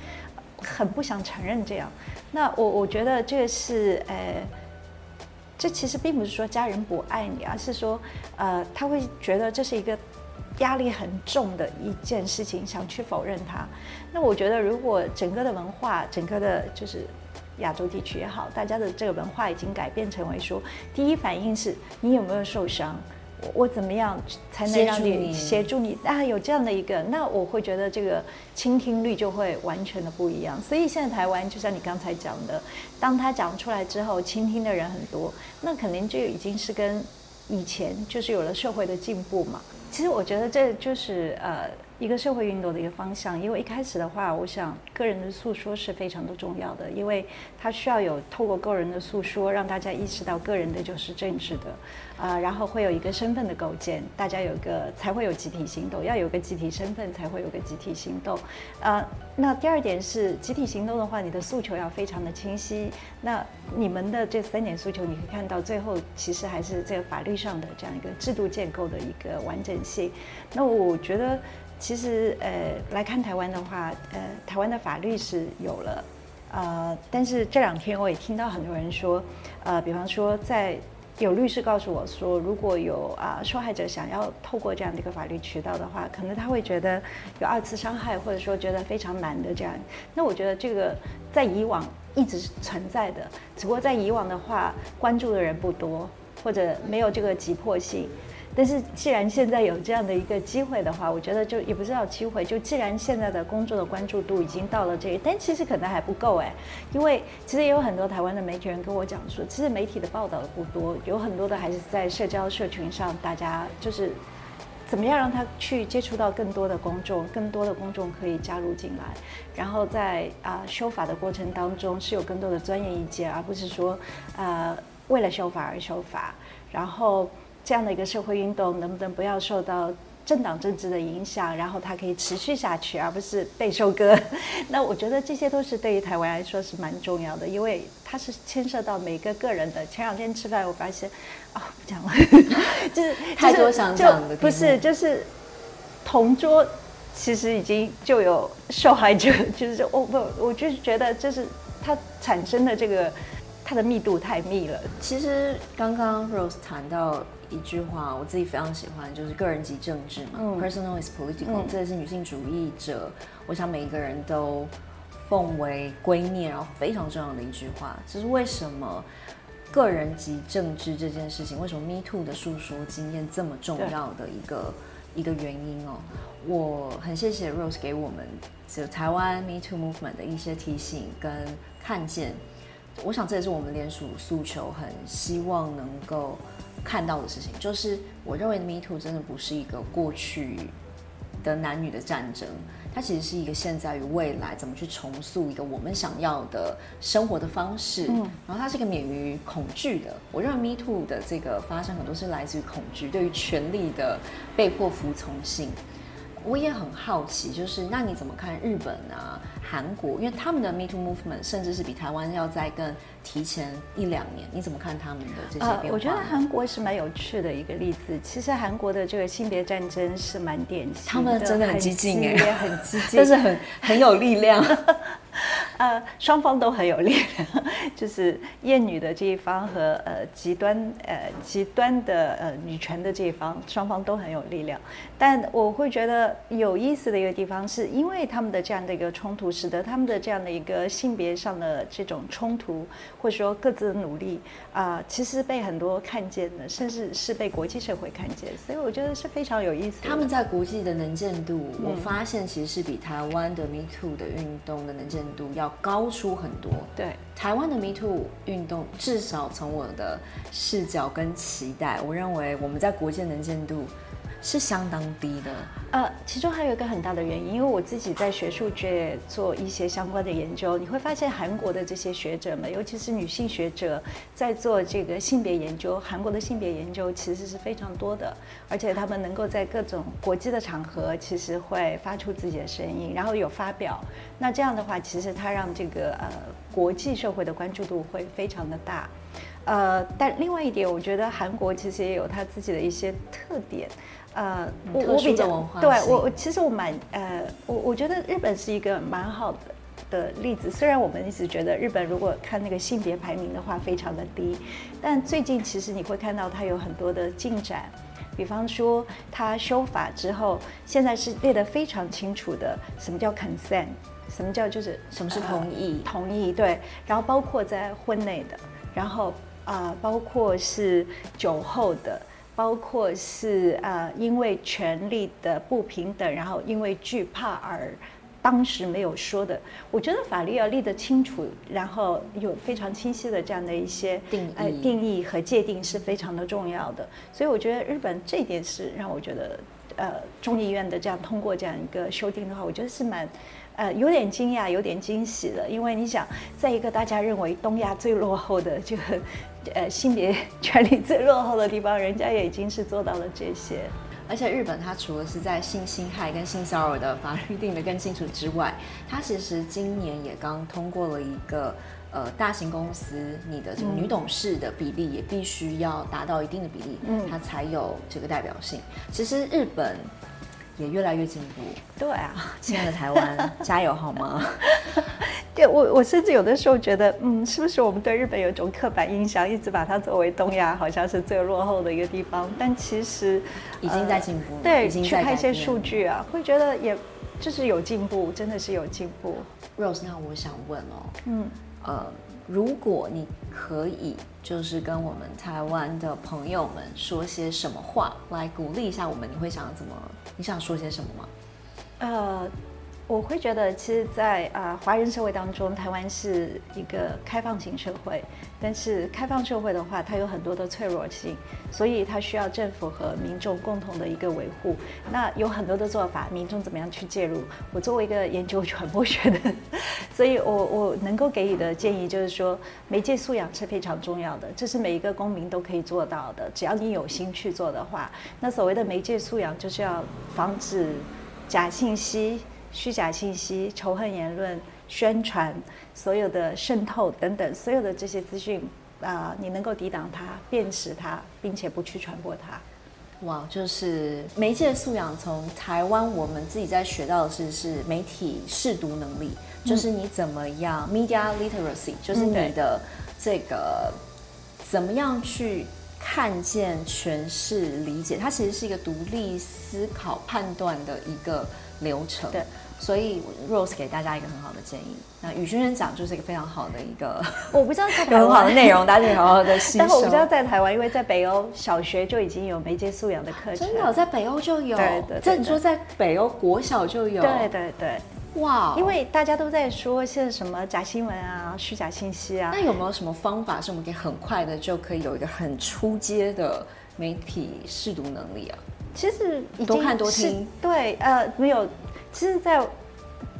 很不想承認這樣。那我我覺得這個是呃，這其實並不是說家人不愛你，啊，而是說呃，他會覺得這是一個壓力很重的一件事情，想去否認他。那我覺得如果整個的文化，整個的就是亞洲地區也好，大家的這個文化已經改變成為說，第一反應是你有沒有受傷。我怎麼樣才能讓你協助你，協助你啊？有這樣的一個，那我會覺得這個傾聽率就會完全的不一樣。所以現在台灣，就像你剛才講的，當他講出來之後，傾聽的人很多，那肯定就已經是跟以前就是有了社會的進步嘛。其實我覺得這就是呃。一個社會運動的一個方向，因為一開始的話，我想個人的訴說是非常的重要的，因為它需要有透過個人的訴說，讓大家意識到個人的就是政治的，啊，然後會有一個身份的構建，大家有一個才會有集體行動，要有個集體身份才會有個集體行動，啊，那第二點是集體行動的話，你的訴求要非常的清晰，那你們的這三點訴求，你可以看到最後其實還是這個法律上的這樣一個制度建構的一個完整性，那我覺得。其實，呃，來看台灣的話，呃，台灣的法律是有了，呃，但是這兩天我也聽到很多人說，呃，比方說在，在有律師告訴我說，如果有啊、呃、受害者想要透過這樣的一個法律渠道的話，可能他會覺得有二次傷害，或者說覺得非常難的這樣。那我覺得這個在以往一直是存在的，只不過在以往的話，關注的人不多，或者沒有這個急迫性。但是，既然現在有這樣的一個機會的話，我覺得就也不知道機會。就既然現在的工作的關注度已經到了這個，但其實可能還不夠哎，因為其實也有很多台灣的媒體人跟我講說，其實媒體的報道不多，有很多的還是在社交社群上，大家就是怎麼樣讓他去接觸到更多的公眾，更多的公眾可以加入進來，然後在啊、呃、修法的過程當中是有更多的專業意見，而不是說啊、呃、為了修法而修法，然後。這樣的一個社會運動能不能不要受到政黨政治的影響，然後它可以持續下去，而不是被收割？那我覺得這些都是對於台灣來說是蠻重要的，因為它是牽涉到每個個人的。前兩天吃飯，我發現哦，不講了， [LAUGHS] 就是、就是、太多想講的。不是，就是同桌其實已經就有受害者，就是我、哦、不，我就是覺得，就是它產生的這個它的密度太密了。其實剛剛 Rose 談到。一句話，我自己非常喜歡，就是“個人即政治嘛”嘛、嗯、，“personal is political”、嗯。這也是女性主義者，我想每一個人都奉為圭臬，然後非常重要的一句話。這、就是為什麼“個人即政治”這件事情，為什麼 “Me Too” 的訴說經驗這麼重要的一個一個原因哦。我很謝謝 Rose 給我們就台灣 Me Too Movement 的一些提醒跟看見。我想這也是我們聯署訴求很希望能夠。看到的事情就是，我認為 Me Too 真的不是一個過去的男女的戰爭，它其實是一個現在與未來怎麼去重塑一個我們想要的生活的方式。嗯，然後它是一個免於恐懼的。我認為 Me Too 的這個發生很多是來自於恐懼，對於權力的被迫服從性。我也很好奇，就是那你怎麼看日本啊、韓國？因為他們的 Me Too Movement 甚至是比台灣要再更。提前一兩年，你怎麼看他們的這些、呃、我覺得韓國是蠻有趣的一個例子。其實韓國的這個性別戰爭是蠻典型的，他們真的很激進哎、也，很激進，但是很很有力量。 [LAUGHS] 呃，雙方都很有力量，就是厭女的這一方和呃極端呃極端的呃女權的這一方，雙方都很有力量。但我會覺得有意思的一個地方是，因為他們的這樣的一個衝突，使得他們的這樣的一個性別上的這種衝突。或者說各自的努力啊、呃，其實被很多看見的，甚至是被國際社會看見，所以我覺得是非常有意思的。他們在國際的能見度、嗯，我發現其實是比台灣的 Me Too 的運動的能見度要高出很多。對，台灣的 Me Too 運動，至少從我的視角跟期待，我認為我們在國際的能見度，是相當低的，呃，其中還有一個很大的原因，因為我自己在學術界做一些相關的研究，你會發現韓國的這些學者們，尤其是女性學者，在做這個性別研究。韓國的性別研究其實是非常多的，而且他們能夠在各種國際的場合，其實會發出自己的聲音，然後有發表。那這樣的話，其實它讓這個呃國際社會的關注度會非常的大。呃，但另外一點，我覺得韓國其實也有它自己的一些特點。呃，我，我比較文化。對，我其實我蠻呃，我我覺得日本是一個蠻好的的例子。雖然我們一直覺得日本，如果看那個性別排名的話，非常的低，但最近其實你會看到它有很多的進展。比方說，它修法之後，現在是列得非常清楚的，什麼叫 consent，什麼叫就是什麼是同意，呃、同意對。然後包括在婚內的，然後。啊，包括是酒後的，包括是啊，因為權力的不平等，然後因為懼怕而當時沒有說的。我覺得法律要立得清楚，然後有非常清晰的這樣的一些定義、呃、定義和界定是非常的重要的。所以我覺得日本這一點是讓我覺得，呃，眾議院的這樣通過這樣一個修訂的話，我覺得是蠻呃有點驚訝、有點驚喜的。因為你想，在一個大家認為東亞最落後的就、這個。呃，性別權利最落後的地方，人家也已經是做到了這些。而且日本，它除了是在性侵害跟性騷擾的法律定得更清楚之外，它其實今年也剛通過了一個，呃，大型公司你的這個女董事的比例也必須要達到一定的比例，嗯，它才有這個代表性。其實日本。也越來越進步，對啊，親愛的台灣， [LAUGHS] 加油好嗎？對，我，我甚至有的時候覺得，嗯，是不是我們對日本有一種刻板印象，一直把它作為東亞，好像是最落後的一個地方？但其實已經在進步，呃、對，已經在去看一些數據啊，會覺得也，就是有進步，真的是有進步。Rose，那我想問哦，嗯，呃。如果你可以，就是跟我們台灣的朋友們說些什麼話來鼓勵一下我們，你會想怎麼？你想說些什麼嗎？呃。我會覺得，其實，在啊華人社會當中，台灣是一個開放型社會。但是，開放社會的話，它有很多的脆弱性，所以它需要政府和民眾共同的一個維護。那有很多的做法，民眾怎麼樣去介入？我作為一個研究傳播學的，所以我我能夠給你的建議就是說，媒介素養是非常重要的，這是每一個公民都可以做到的。只要你有心去做的話，那所謂的媒介素養就是要防止假信息。虛假信息、仇恨言論、宣傳、所有的滲透等等，所有的這些資訊，啊、呃，你能夠抵擋它、辨識它，並且不去傳播它。哇，就是媒介素養，從台灣我們自己在學到的是是媒體識讀能力，嗯，就是你怎麼樣 media literacy，嗯，就是你的這個怎麼樣去看見、詮釋、理解，它其實是一個獨立思考、判斷的一個流程。對。所以 Rose 給大家一個很好的建議。那與軒軒講就是一個非常好的一個，我不知道在台灣的內容，大家好好在吸 [LAUGHS] 但是我不知道在台灣，因為在北歐小學就已經有媒介素養的課程，真的在北歐就有。對對對，對。在你說在北歐國小就有。對對對，對。哇、wow，因為大家都在說在什麼假新聞啊、虛假信息啊，那有沒有什麼方法是我們可以很快的就可以有一個很初階的媒體識讀能力啊？其實已經多看多聽。對，呃，沒有。其實，在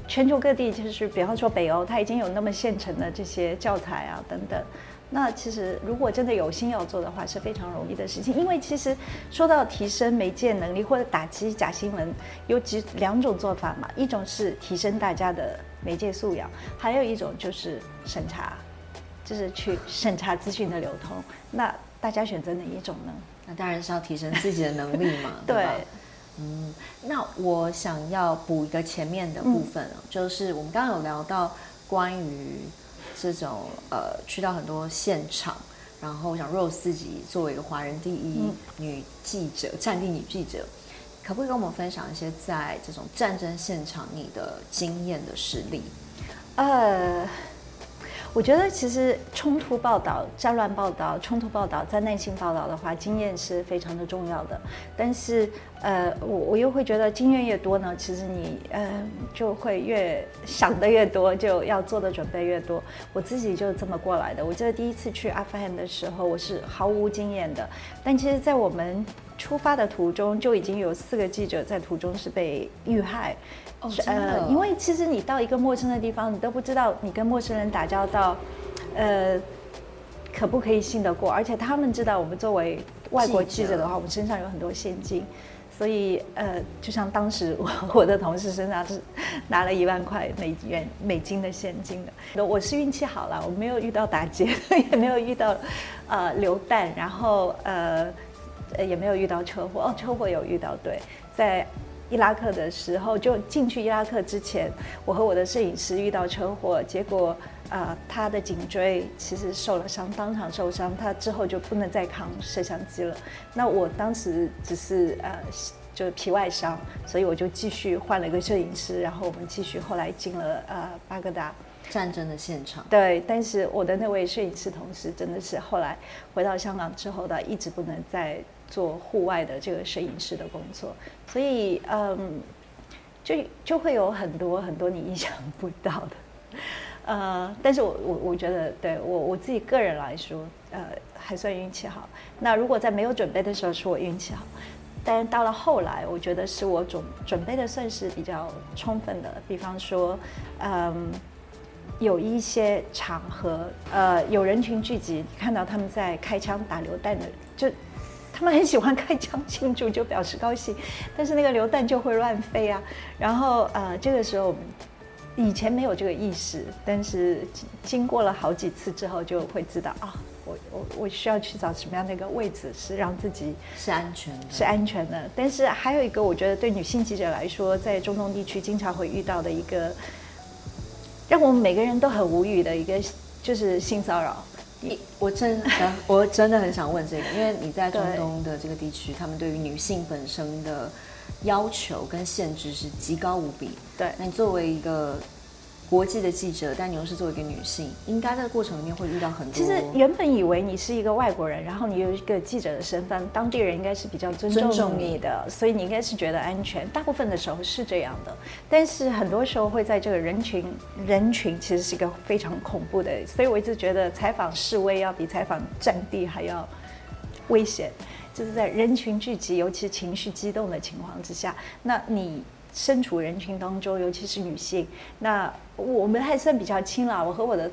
全球各地，就是比方說北歐，它已經有那麼現成的這些教材啊，等等。那其實如果真的有心要做的話，是非常容易的事情。因為其實說到提升媒介能力或者打擊假新聞，有幾兩種做法嘛，一種是提升大家的媒介素養，還有一種就是審查，就是去審查資訊的流通。那大家選擇哪一種呢？那當然是要提升自己的能力嘛。 [LAUGHS] 對。對嗯，那我想要補一個前面的部分、嗯、就是我們剛剛有聊到關於這種呃去到很多現場，然後我想 Rose 自己作為一個華人第一女記者、嗯，戰地女記者，可不可以跟我們分享一些在這種戰爭現場你的經驗的實例？呃。我覺得其實衝突報道、戰亂報道、衝突報道、災難性報道的話，經驗是非常的重要的。但是，呃，我我又會覺得經驗越多呢，其實你，呃就會越想的越多，就要做的準備越多。我自己就這麼過來的。我記得第一次去阿富汗的時候，我是毫無經驗的。但其實，在我們出發的途中，就已經有四個記者在途中是被遇害。哦哦、呃，因為其實你到一個陌生的地方，你都不知道你跟陌生人打交道，呃，可不可以信得過？而且他們知道，我們作為外國記者的話，我們身上有很多現金，所以呃，就像當時我我的同事身上是拿了一萬塊美元美金的現金的。我是運氣好了，我沒有遇到打劫，也沒有遇到呃流彈，然後呃也沒有遇到車禍。哦，車禍有遇到，對，在。伊拉克的時候，就進去伊拉克之前，我和我的攝影師遇到車禍，結果啊、呃，他的頸椎其實受了傷，當場受傷，他之後就不能再扛攝像機了。那我當時只是呃，就是皮外傷，所以我就繼續換了一個攝影師，然後我們繼續。後來進了呃，巴格達戰爭的現場，對。但是我的那位攝影師同事真的是後來回到香港之後的，一直不能再。做戶外的這個攝影師的工作，所以嗯，就就會有很多很多你意想不到的，呃，但是我我我覺得，對我我自己個人來說，呃，還算運氣好。那如果在沒有準備的時候，是我運氣好，但是到了後來，我覺得是我準準備的算是比較充分的。比方說，嗯，呃，有一些場合，呃，有人群聚集，你看到他們在開槍打榴彈的，就。他們很喜歡開槍慶祝，就表示高興，但是那個榴彈就會亂飛啊。然後，呃，這個時候我們以前沒有這個意識，但是經過了好幾次之後，就會知道啊，我我我需要去找什麼樣的一個位置，是讓自己是安全的，是安全的。但是還有一個，我覺得對女性記者來說，在中東地區經常會遇到的一個，讓我們每個人都很無語的一個，就是性騷擾。你，我真的，我真的很想問這個，因為你在中東的這個地區，他們對於女性本身的要求跟限制是極高無比。對，那你作為一個。國際的記者，但你又是作為一個女性，應該在過程裡面會遇到很多哦。其實原本以為你是一個外國人，然後你有一個記者的身份，當地人應該是比較尊重你的，尊重你，所以你應該是覺得安全。大部分的時候是這樣的，但是很多時候會在這個人群，人群其實是一個非常恐怖的。所以我一直覺得採訪示威要比採訪戰地還要危險，就是在人群聚集，尤其情緒激動的情況之下，那你。身處人群當中，尤其是女性，那我們還算比較親了。我和我的。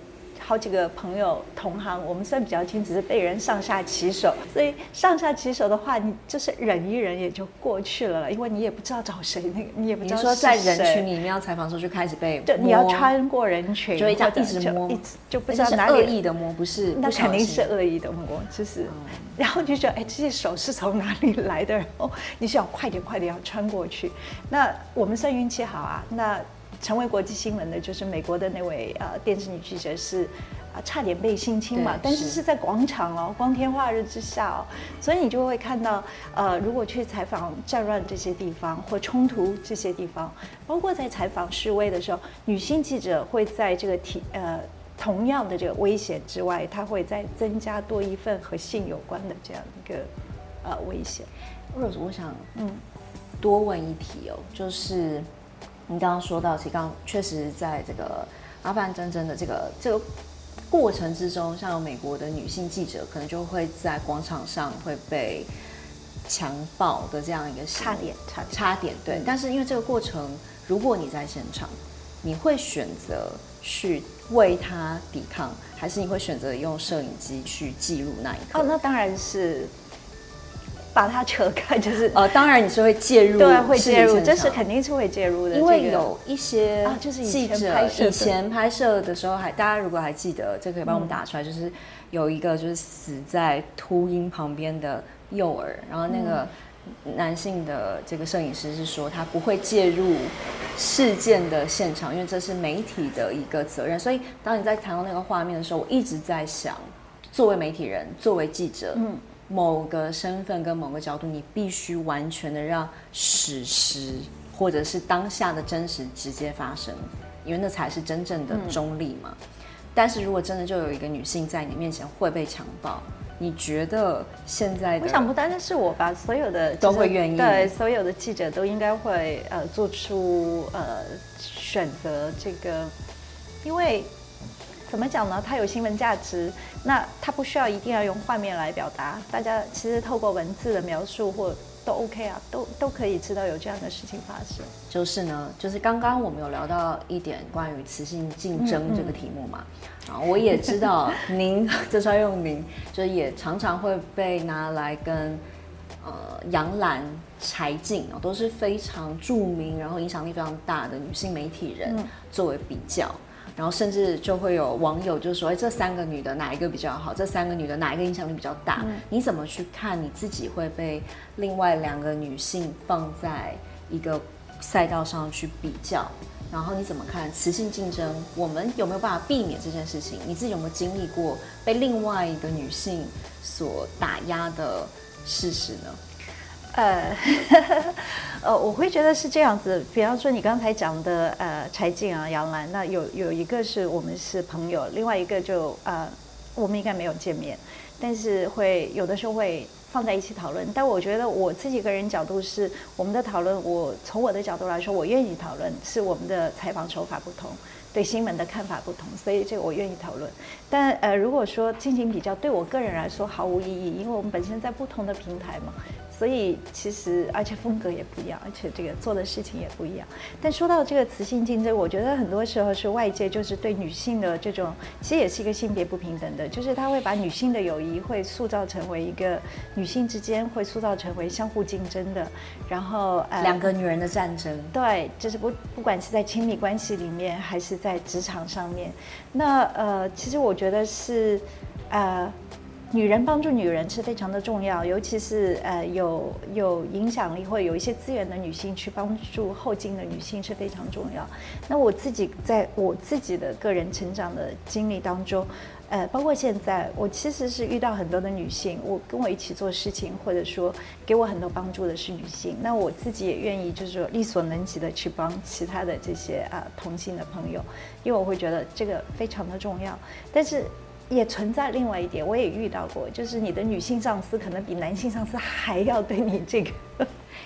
好幾個朋友同行，我們算比較親，只是被人上下其手。所以上下其手的話，你就是忍一忍也就過去了了，因為你也不知道找誰，那個你也不知道誰。你說在人群裡面要採訪的時候就開始被就你要穿過人群，就一直摸，就一直就不知道哪裡是惡意的摸不是不？那肯定是惡意的摸，就是，嗯，然後你就覺得哎這些手是從哪裡來的？哦，你想快點快點要穿過去。那我們算運氣好啊，那。成為國際新聞的就是美國的那位呃電視女記者是啊，呃、差點被性侵嘛，但是是在廣場哦光天化日之下哦，所以你就會看到呃如果去採訪戰亂這些地方或衝突這些地方，包括在採訪示威的時候，女性記者會在這個體呃同樣的這個危險之外，她會再增加多一份和性有關的這樣一個呃危險。或者我想嗯多問一題哦，就是。你剛剛說到，其實剛確實在這個阿富汗戰爭的這個這個過程之中，像有美國的女性記者可能就會在廣場上會被強暴的這樣一個差點，差點，差點，對。但是因為這個過程，如果你在現場，你會選擇去為他抵抗，還是你會選擇用攝影機去記錄那一刻？哦，那當然是。把它扯開就是呃，當然你是會介入，對，會介入，這是肯定是會介入的，因為有一些就是、啊這個、記者以前拍攝的、的時候還大家如果還記得，這個、可以幫我們打出來、嗯，就是有一個就是死在禿鷹旁邊的幼兒，然後那個男性的這個攝影師是說他不會介入事件的現場，因為這是媒體的一個責任。所以當你在談到那個畫面的時候，我一直在想，作為媒體人，嗯、作為記者，嗯。某個身份跟某個角度，你必須完全的讓事實或者是當下的真實直接發生，因為那才是真正的中立嘛。但是如果真的就有一個女性在你面前會被強暴，你覺得現在我想不單單是我吧，所有的都會願意對所有的記者都應該會呃做出呃選擇這個，因為。怎麼講呢？它有新聞價值，那它不需要一定要用畫面來表達。大家其實透過文字的描述或都 OK 啊，都都可以知道有這樣的事情發生。就是呢，就是剛剛我們有聊到一點關於雌性競爭這個題目嘛，啊、嗯嗯，我也知道您就是要用您，就也常常會被拿來跟呃楊瀾、柴靜啊、哦、都是非常著名、嗯，然後影響力非常大的女性媒體人、嗯、作為比較。然後甚至就會有網友就說：“哎，這三個女的哪一個比較好？這三個女的哪一個影響力比較大、嗯？你怎麼去看？你自己會被另外兩個女性放在一個賽道上去比較？然後你怎麼看雌性競爭？我們有沒有辦法避免這件事情？你自己有沒有經歷過被另外一個女性所打壓的事實呢？”呃。 [LAUGHS] 呃，我會覺得是這樣子，比方說你剛才講的呃，柴靜啊、楊瀾，那有有一個是我們是朋友，另外一個就啊、呃，我們應該沒有見面，但是會有的時候會放在一起討論。但我覺得我自己個人角度是，我們的討論，我從我的角度來說，我願意討論，是我們的採訪手法不同，對新聞的看法不同，所以這個我願意討論。但呃，如果說進行比較，對我個人來說毫無意義，因為我們本身在不同的平台嘛。所以其實，而且風格也不一樣，而且這個做的事情也不一樣。但說到這個雌性競爭，我覺得很多時候是外界就是對女性的這種，其實也是一個性別不平等的，就是他會把女性的友誼會塑造成為一個女性之間會塑造成為相互競爭的，然後呃，兩個女人的戰爭。對，就是不不管是在親密關係裡面，還是在職場上面，那呃，其實我覺得是，呃。女人幫助女人是非常的重要，尤其是呃有有影響力或者有一些資源的女性去幫助後進的女性是非常重要。那我自己在我自己的個人成長的經歷當中，呃，包括現在，我其實是遇到很多的女性，我跟我一起做事情或者說給我很多幫助的是女性。那我自己也願意就是說力所能及的去幫其他的這些啊、呃、同性的朋友，因為我會覺得這個非常的重要。但是。也存在另外一點，我也遇到過，就是你的女性上司可能比男性上司還要對你這個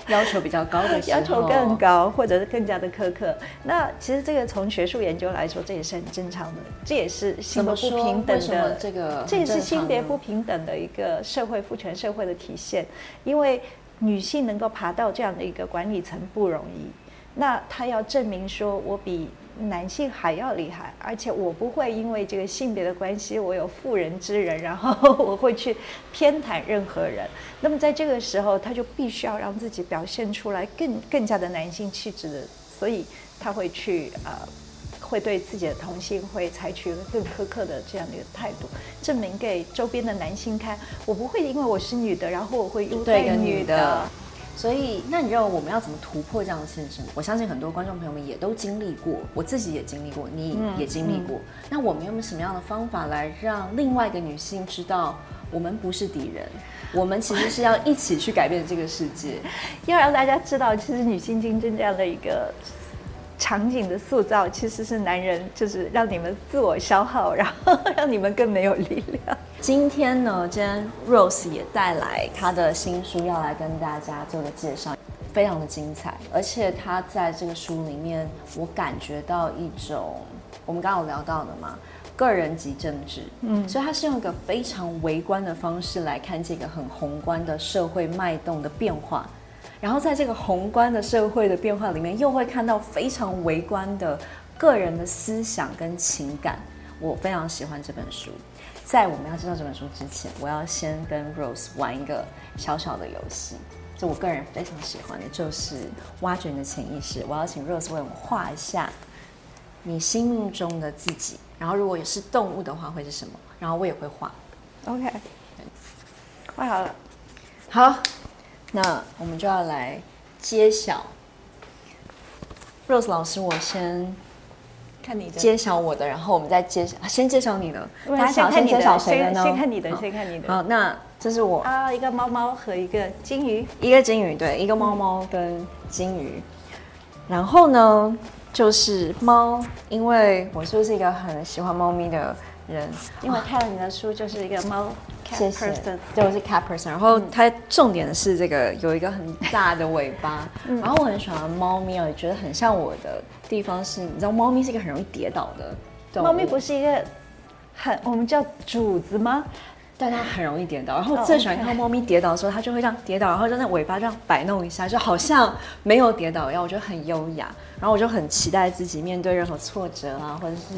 要求比較高的，要求更高，或者是更加的苛刻。那其實這個從學術研究來說，這也是很正常的，這也是性別不平等的這個，這也是性別不平等的一個社會，父權社會的體現。因為女性能夠爬到這樣的一個管理層不容易，那她要證明說我比。男性還要厲害，而且我不會因為這個性別的關係，我有婦人之仁，然後我會去偏袒任何人。那麼在這個時候，他就必須要讓自己表現出來更更加的男性氣質的。所以他會去啊、呃，會對自己的同性會採取更苛刻的這樣的一個態度，證明給周邊的男性看，我不會因為我是女的，然後我會優待這個女的。所以，那你認為我們要怎麼突破這樣的現實？我相信很多觀眾朋友們也都經歷過，我自己也經歷過，你也經歷過。嗯。那我們用什麼樣的方法來讓另外一個女性知道，我們不是敵人，我們其實是要一起去改變這個世界，要讓大家知道，其實女性競爭這樣的一個場景的塑造，其實是男人就是讓你們自我消耗，然後讓你們更沒有力量。今天呢，今天 Rose 也帶來他的新書，要來跟大家做個介紹，非常的精彩。而且他在這個書裡面，我感覺到一種我們剛剛有聊到的嘛，個人及政治。嗯，所以他是用一個非常微觀的方式來看這個很宏觀的社會脈動的變化，然後在這個宏觀的社會的變化裡面，又會看到非常微觀的個人的思想跟情感。我非常喜歡這本書。在我們要介紹這本書之前，我要先跟 Rose 玩一個小小的遊戲，就我個人非常喜歡的，就是挖掘你的潛意識。我要請 Rose 為我們畫一下你心目中的自己，然後如果也是動物的話會是什麼？然後我也會畫。OK，畫好了，好，那我們就要來揭曉。Rose 老師，我先。看你的，揭曉我的，然後我們再揭曉。啊、先介紹你的，大家想看你的，先先看你的，先,的先,先看你的。好、哦哦，那這是我啊、哦，一個貓貓和一個金魚，一個金魚，對，一個貓貓跟金魚、嗯。然後呢，就是貓，因為我是不是一個很喜歡貓咪的人，因為看了你的書，就是一個貓。Person, 謝謝，就我是 cat person、嗯。然後它重點的是這個有一個很大的尾巴，嗯。然後我很喜歡貓咪哦，也覺得很像我的地方是，你知道貓咪是一個很容易跌倒的。貓咪不是一個很我們叫主子嗎？但它很容易跌倒。然後最喜歡看到貓咪跌倒的時候，它就會這樣跌倒，然後就在那尾巴這樣擺弄一下，就好像沒有跌倒一樣，我覺得很優雅。然後我就很期待自己面對任何挫折啊，或者是。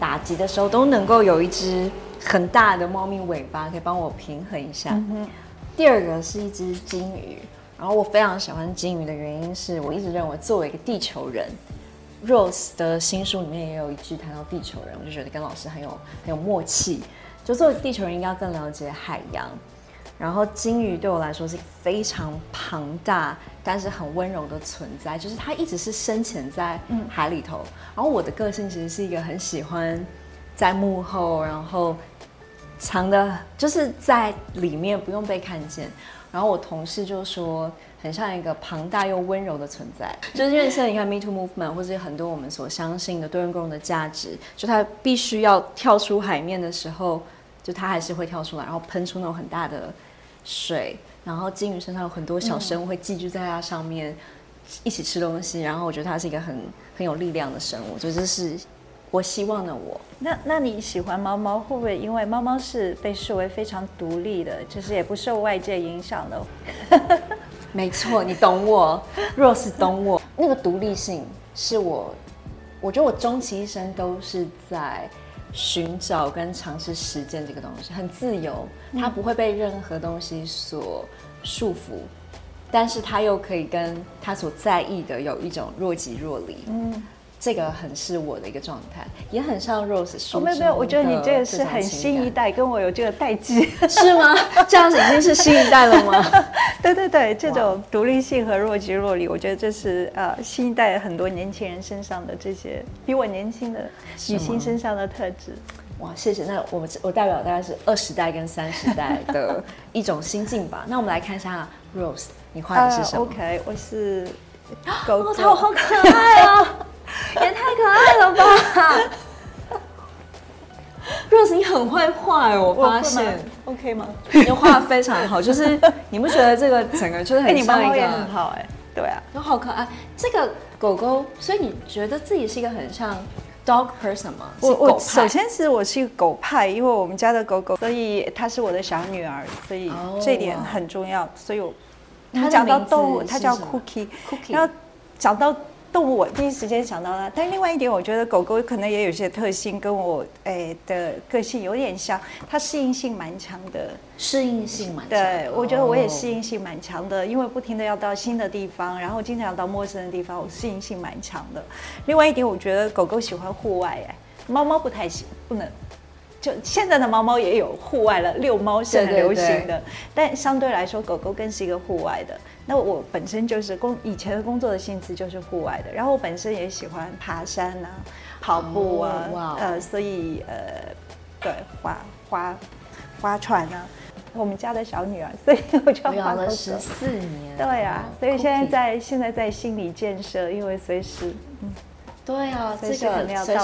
打擊的時候都能夠有一隻很大的貓咪尾巴可以幫我平衡一下。嗯，第二個是一隻金魚，然後我非常喜歡金魚的原因是，我一直認為作為一個地球人，Rose 的新書裡面也有一句談到地球人，我就覺得跟老師很有很有默契，就作為地球人應該更了解海洋。然後鯨魚對我來說是非常龐大，但是很溫柔的存在，就是它一直是深潛在海裡頭、嗯。然後我的個性其實是一個很喜歡在幕後，然後藏的，就是在裡面不用被看見。然後我同事就說，很像一個龐大又溫柔的存在，就是因為現在你看 Me Too Movement 或者很多我們所相信的多元共融的價值，就它必須要跳出海面的時候，就它還是會跳出來，然後噴出那種很大的。水，然後鯨魚身上有很多小生物會寄居在它上面，一起吃東西。嗯。然後我覺得它是一個很很有力量的生物，所以這是我希望的我。那那你喜歡貓貓，會不會因為貓貓是被視為非常獨立的，就是也不受外界影響的？ [LAUGHS] 沒錯，你懂我，Rose 懂我。 [LAUGHS] 那個獨立性是我，我覺得我終其一生都是在。尋找跟嘗試實踐這個東西，很自由，他不會被任何東西所束縛，但是他又可以跟他所在意的有一種若即若離。嗯。這個很是我的一個狀態，也很像 Rose 說。沒有沒有，我覺得你這個是很新一代，跟我有這個代際，是嗎？這樣子已經是新一代了嗎？ [LAUGHS] 對對對，這種獨立性和若即若離，我覺得這是呃、啊、新一代很多年輕人身上的這些比我年輕的女性身上的特質。哇，謝謝。那我們我代表大概是二十代跟三十代的一種心境吧。 [LAUGHS] 那我們來看一下 Rose，你畫的是什麼，uh，？OK，我是狗頭。哦，好可愛啊！ [LAUGHS] 也太可愛了吧 [LAUGHS] ！Rose，你很會畫、欸，我發現。嗎 OK 嗎？你 [LAUGHS] 畫非常好，就是你不覺得這個整個就是很生活感？欸、包包很好哎、欸，對啊，都好可愛。這個狗狗，所以你覺得自己是一個很像 dog person 嗎？我我首先是我是狗派，因為我們家的狗狗，所以它是我的小女兒，所以這一點很重要。Oh, wow. 所以我，它講到動物，它叫 Cookie，Cookie，Cookie? 然後講到。動物，我第一時間想到它。但另外一點，我覺得狗狗可能也有些特性，跟我誒的個性有點像。它適應性蠻強的，適應性蠻強。對、哦，我覺得我也適應性蠻強的，因為不停的要到新的地方，然後經常要到陌生的地方，我適應性蠻強的。另外一點，我覺得狗狗喜歡戶外，哎，貓貓不太喜，不能。就現在的貓貓也有戶外了，遛貓是很流行的，對對對。但相對來說，狗狗更是一個戶外的。那我本身就是工，以前的工作的性質就是戶外的，然後我本身也喜歡爬山啊、跑步啊，oh, wow. 呃，所以呃，對，劃劃划船啊。我們家的小女兒，所以我就養了十四年。對啊，oh, 所以現在在、cookie. 現在在心理建設，因為隨時嗯。對啊，這個隨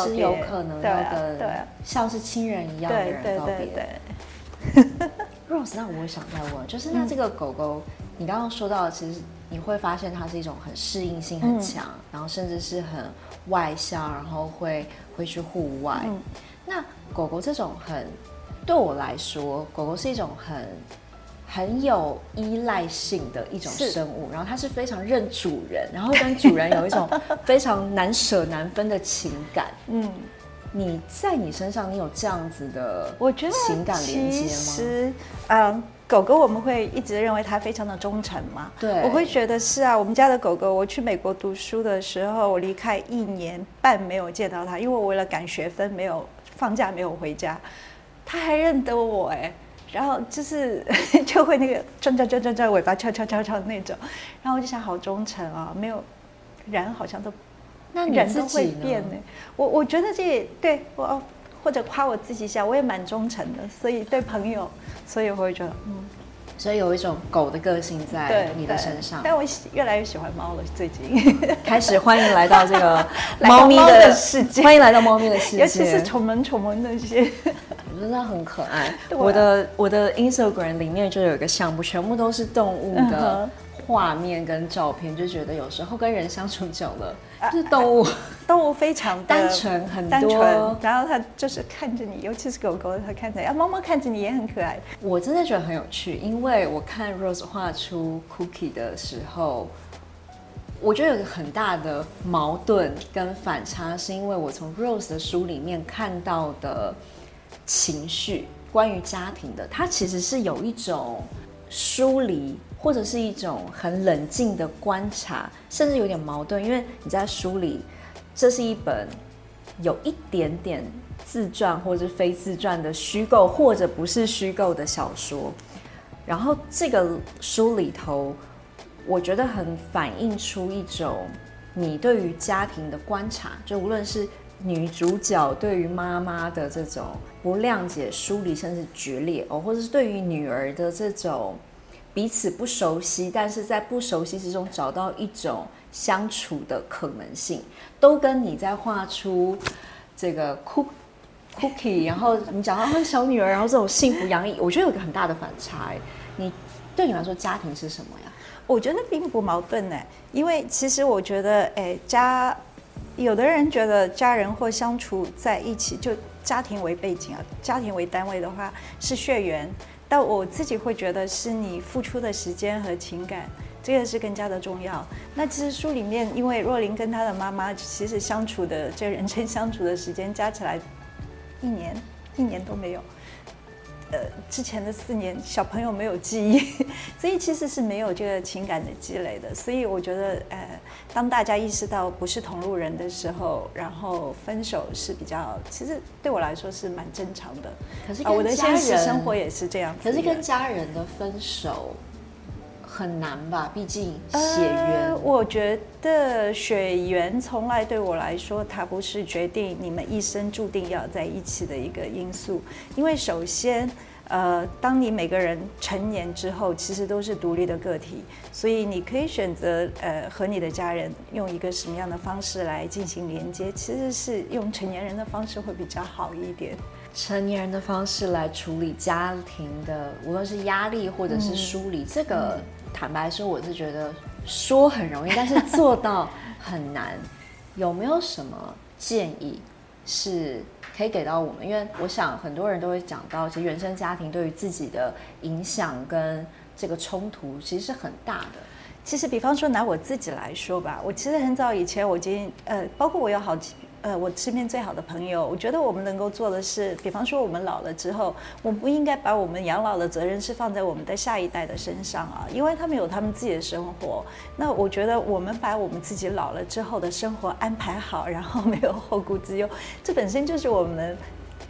時有可能要跟像是親人一樣的人告別。Rose，那、啊啊嗯、 [LAUGHS] 我想再問，就是那這個狗狗，嗯、你剛剛說到的，其實你會發現它是一種很適應性很強、嗯，然後甚至是很外向，然後會會去戶外、嗯。那狗狗這種很，對我來說，狗狗是一種很。很有依賴性的一種生物，然後它是非常認主人，然後跟主人有一種非常難捨難分的情感。 [LAUGHS] 嗯，你在你身上，你有這樣子的，我覺得情感連接嗎？其實嗯，狗狗我們會一直認為它非常的忠誠嘛。對，我會覺得是啊。我們家的狗狗，我去美國讀書的時候，我離開一年半沒有見到它，因為我為了趕學分，沒有放假，沒有回家，它還認得我哎、欸。然後就是就會那個轉轉轉轉轉尾巴翹翹翹翹的那種，然後我就想好忠誠啊，沒有人好像都那人都會變呢，呢，我我覺得這對我哦，或者誇我自己一下，我也蠻忠誠的，所以對朋友，所以我會覺得嗯，所以有一種狗的個性在你的身上。但我越來越喜歡貓了，最近 [LAUGHS] 開始歡迎來到這個貓咪的，貓的世界，歡迎來到貓咪的世界，尤其是醜萌醜萌那些。真的很可愛。啊、我的我的 Instagram 裡面就有一個項目，全部都是動物的畫面跟照片，嗯，就覺得有時候跟人相處久了，啊、就是動物，啊啊、動物非常單純，很多、單，然後它就是看着你，尤其是狗狗，它看着，啊，貓貓看着你也很可愛。我真的覺得很有趣，因為我看 Rose 畫出 Cookie 的時候，我覺得有個很大的矛盾跟反差，是因為我從 Rose 的書裡面看到的。情緒關於家庭的，它其實是有一種疏離，或者是一種很冷靜的觀察，甚至有點矛盾。因為你在書裡，這是一本有一點點自傳或者非自傳的虛構，或者不是虛構的小說。然後這個書裡頭，我覺得很反映出一種你對於家庭的觀察，就無論是。女主角對於媽媽的這種不諒解、疏離，甚至決裂哦，或者是對於女兒的這種彼此不熟悉，但是在不熟悉之中找到一種相處的可能性，都跟你在畫出這個 Cook Cookie， [LAUGHS] 然後你講到他小女兒，然後這種幸福洋溢，我覺得有一個很大的反差。你對你來說，家庭是什麼呀？我覺得那並不矛盾誒，因為其實我覺得誒家。有的人覺得家人或相處在一起，就家庭為背景啊，家庭為單位的話是血緣，但我自己會覺得是你付出的時間和情感，這個是更加的重要。那其實書裡面，因為若琳跟她的媽媽其實相處的這人生相處的時間加起來，一年一年都沒有。呃，之前的四年小朋友沒有記憶，所以其實是沒有這個情感的積累的。所以我覺得，呃，當大家意識到不是同路人的時候，然後分手是比較，其實對我來說是蠻正常的。可是家人，呃，我的現實生活也是這樣子。可是跟家人的分手。很難吧？畢竟血緣、呃，我覺得血緣從來對我來說，它不是決定你們一生註定要在一起的一個因素。因為首先，呃，當你每個人成年之後，其實都是獨立的個體，所以你可以選擇，呃，和你的家人用一個什麼樣的方式來進行連接。其實是用成年人的方式會比較好一點。成年人的方式來處理家庭的，無論是壓力或者是梳理、嗯、這個。嗯坦白說，我是覺得說很容易，但是做到很難。有沒有什麼建議是可以給到我們？因為我想很多人都會講到，其實原生家庭對於自己的影響跟這個衝突其實是很大的。其實，比方說拿我自己來說吧，我其實很早以前我已經呃，包括我有好幾。呃，我身邊最好的朋友，我覺得我們能夠做的是，比方說我們老了之後，我不應該把我們養老的責任是放在我們的下一代的身上啊，因為他們有他們自己的生活。那我覺得我們把我們自己老了之後的生活安排好，然後沒有後顧之憂，這本身就是我們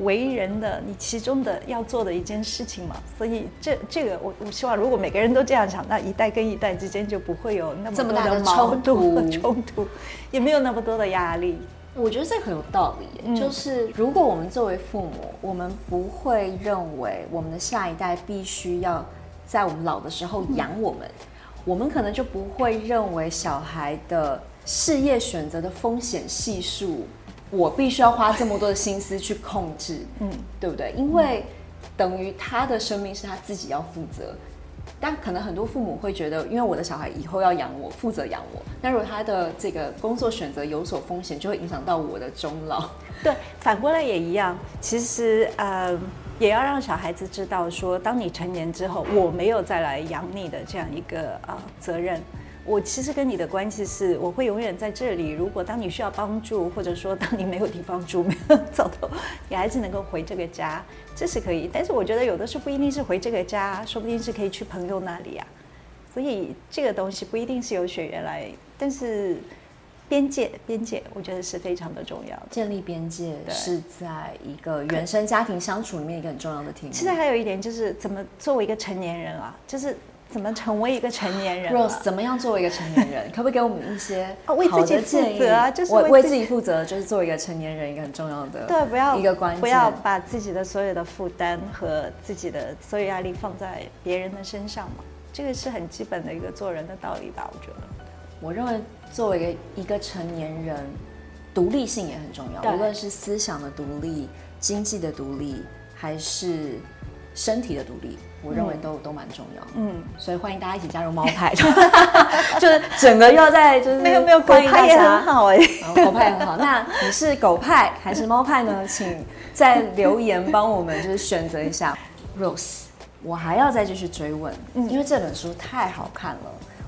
為人的你其中的要做的一件事情嘛。所以這這個我我希望，如果每個人都這樣想，那一代跟一代之間就不會有那麼大的矛盾和衝突，也沒有那麼多的壓力。我覺得這很有道理耶，嗯，就是如果我們作為父母，我們不會認為我們的下一代必須要在我們老的時候養我們，嗯，我們可能就不會認為小孩的事業選擇的風險係數，我必須要花這麼多的心思去控制，嗯，對不對？因為等於他的生命是他自己要負責。但可能很多父母會覺得，因為我的小孩以後要養我，負責養我。那如果他的這個工作選擇有所風險，就會影響到我的終老。對，反過來也一樣。其實，呃，也要讓小孩子知道說，說當你成年之後，我沒有再來養你的這樣一個啊、呃、責任。我其實跟你的關係是，我會永遠在這裡。如果當你需要幫助，或者說當你沒有地方住、沒有著落，你還是能夠回這個家，這是可以。但是我覺得有的時候不一定是回這個家，說不定是可以去朋友那裡啊。所以這個東西不一定是由血緣來，但是邊界邊界，我覺得是非常的重要的。建立邊界是在一個原生家庭相處裡面一個很重要的題目。其實還有一點就是，怎麼作為一個成年人啊，就是。怎麼成為一個成年人？Rose, 怎麼樣做為一個成年人？ [LAUGHS] 可不可以給我們一些好的建議？哦，為自己負責啊，就是為自己，我為自己負責，就是做為一個成年人一個很重要的對，不要不要把自己的所有的負擔和自己的所有壓力放在別人的身上嘛，這個是很基本的一個做人的道理吧？我覺得，我認為作為一個一個成年人，獨立性也很重要，無論是思想的獨立、經濟的獨立，還是身體的獨立。我認為都、嗯、都蠻重要，嗯，所以歡迎大家一起加入貓派， [LAUGHS] [LAUGHS] 就是整個要在就是沒有沒有，狗派也很好哎，狗派也很好。 [LAUGHS] 那你是狗派還是貓派呢？ [LAUGHS] 請在留言 [LAUGHS] 幫我們就是選擇一下。Rose，我還要再繼續追問，嗯，因為這本書太好看了。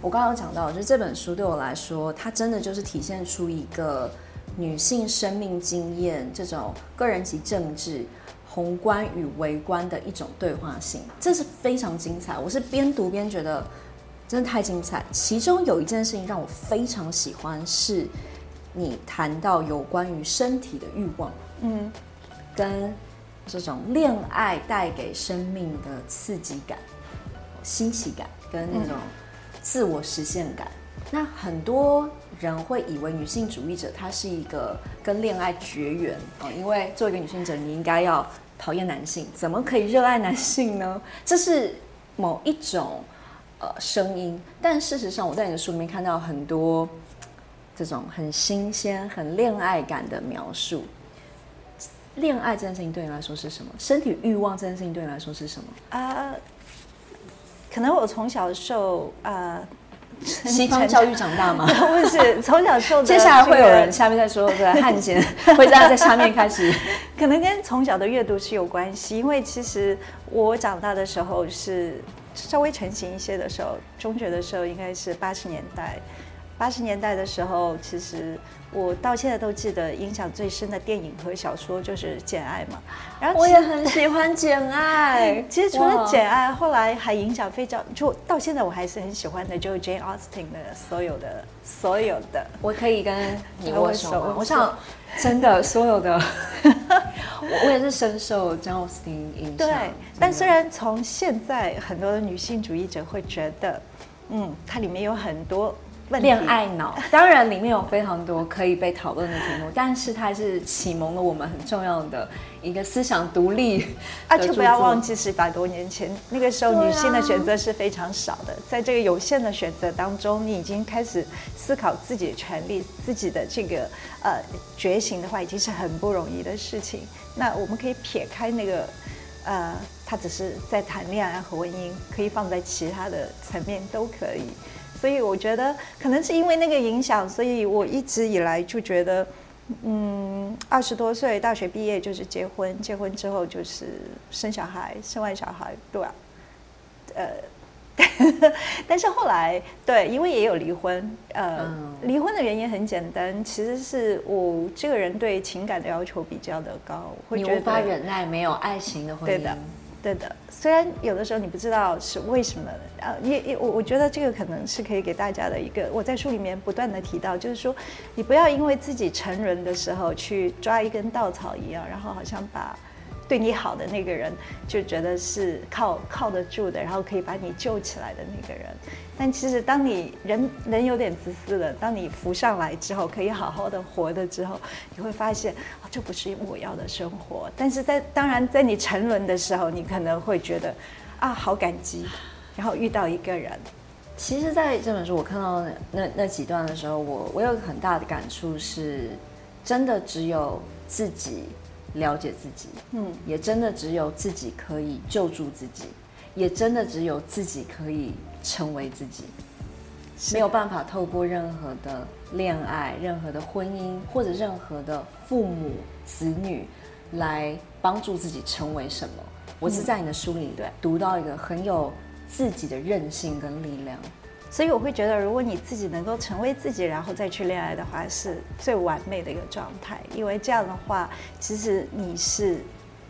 我剛剛講到，就是這本書對我來說，它真的就是體現出一個女性生命經驗，這種個人即政治。宏觀與微觀的一種對話性，這是非常精彩。我是邊讀邊覺得，真的太精彩。其中有一件事情讓我非常喜歡，是你談到有關於身體的慾望，嗯，跟這種戀愛帶給生命的刺激感、新奇感跟那種自我實現感，嗯。那很多人會以為女性主義者她是一個跟戀愛絕緣啊，哦，因為作為一個女性者，你應該要。討厭男性，怎麼可以熱愛男性呢？這是某一種呃聲音，但事實上，我在你的書裡面看到很多這種很新鮮、很戀愛感的描述。戀愛這件事情對你來說是什麼？身體慾望這件事情對你來說是什麼？啊，uh，可能我從小受啊。Uh... 西方教育長大嗎？ [LAUGHS] 不是，從小受。接下來會有人下面再說，對漢奸會大家在下面開始。可能跟從小的閱讀是有關係，因為其實我長大的時候是稍微成型一些的時候，中學的時候應該是八十年代。八十年代的時候，其實。我到現在都記得影響最深的電影和小說就是《簡愛》嘛，然後我也很喜歡《簡愛》。其實除了《簡愛》，後來還影響非常，就到現在我還是很喜歡的，就是 Jane Austen 的所有的所有的。我可以跟你握手嗎？我想真的所有的 [LAUGHS] ，我我也是深受 Jane Austen 影響。 [LAUGHS] 對，但雖然從現在很多的女性主義者會覺得，嗯，它裡面有很多。戀愛腦，當然裡面有非常多可以被討論的題目， [LAUGHS] 但是它是啟蒙了我們很重要的一個思想獨立。啊，就不要忘記是一百多年前，那個時候女性的選擇是非常少的，啊，在這個有限的選擇當中，你已經開始思考自己的權利、自己的這個呃覺醒的話，已經是很不容易的事情。那我們可以撇開那個呃，他只是在談戀愛和婚姻，可以放在其他的層面都可以。所以我覺得可能是因為那個影響，所以我一直以來就覺得，嗯，二十多歲大學畢業就是結婚，結婚之後就是生小孩，生完小孩對吧、啊？呃，但是後來對，因為也有離婚，呃、嗯，離婚的原因很簡單，其實是我這個人對情感的要求比較的高，會你無法忍耐沒有愛情的婚姻。對的。對的，雖然有的時候你不知道是為什麼，呃，也也我我覺得這個可能是可以給大家的一個，我在書裡面不斷的提到，就是說，你不要因為自己成人的時候去抓一根稻草一樣，然後好像把。對你好的那個人就覺得是靠靠得住的，然後可以把你救起來的那個人。但其實當你人人有點自私的，當你浮上來之後，可以好好的活的之後，你會發現啊，這、哦、不是我要的生活。但是在當然，在你沉淪的時候，你可能會覺得啊，好感激，然後遇到一個人。其實，在這本書我看到那那那幾段的時候，我我有很大的感觸是，真的只有自己，了解自己，嗯，也真的只有自己可以救助自己，也真的只有自己可以成為自己，啊、沒有辦法透過任何的戀愛、任何的婚姻或者任何的父母、嗯、子女來幫助自己成為什麼。嗯、我是在你的書裡對讀到一個很有自己的韌性跟力量。所以我會覺得，如果你自己能夠成為自己，然後再去戀愛的話，是最完美的一個狀態。因為這樣的話，其實你是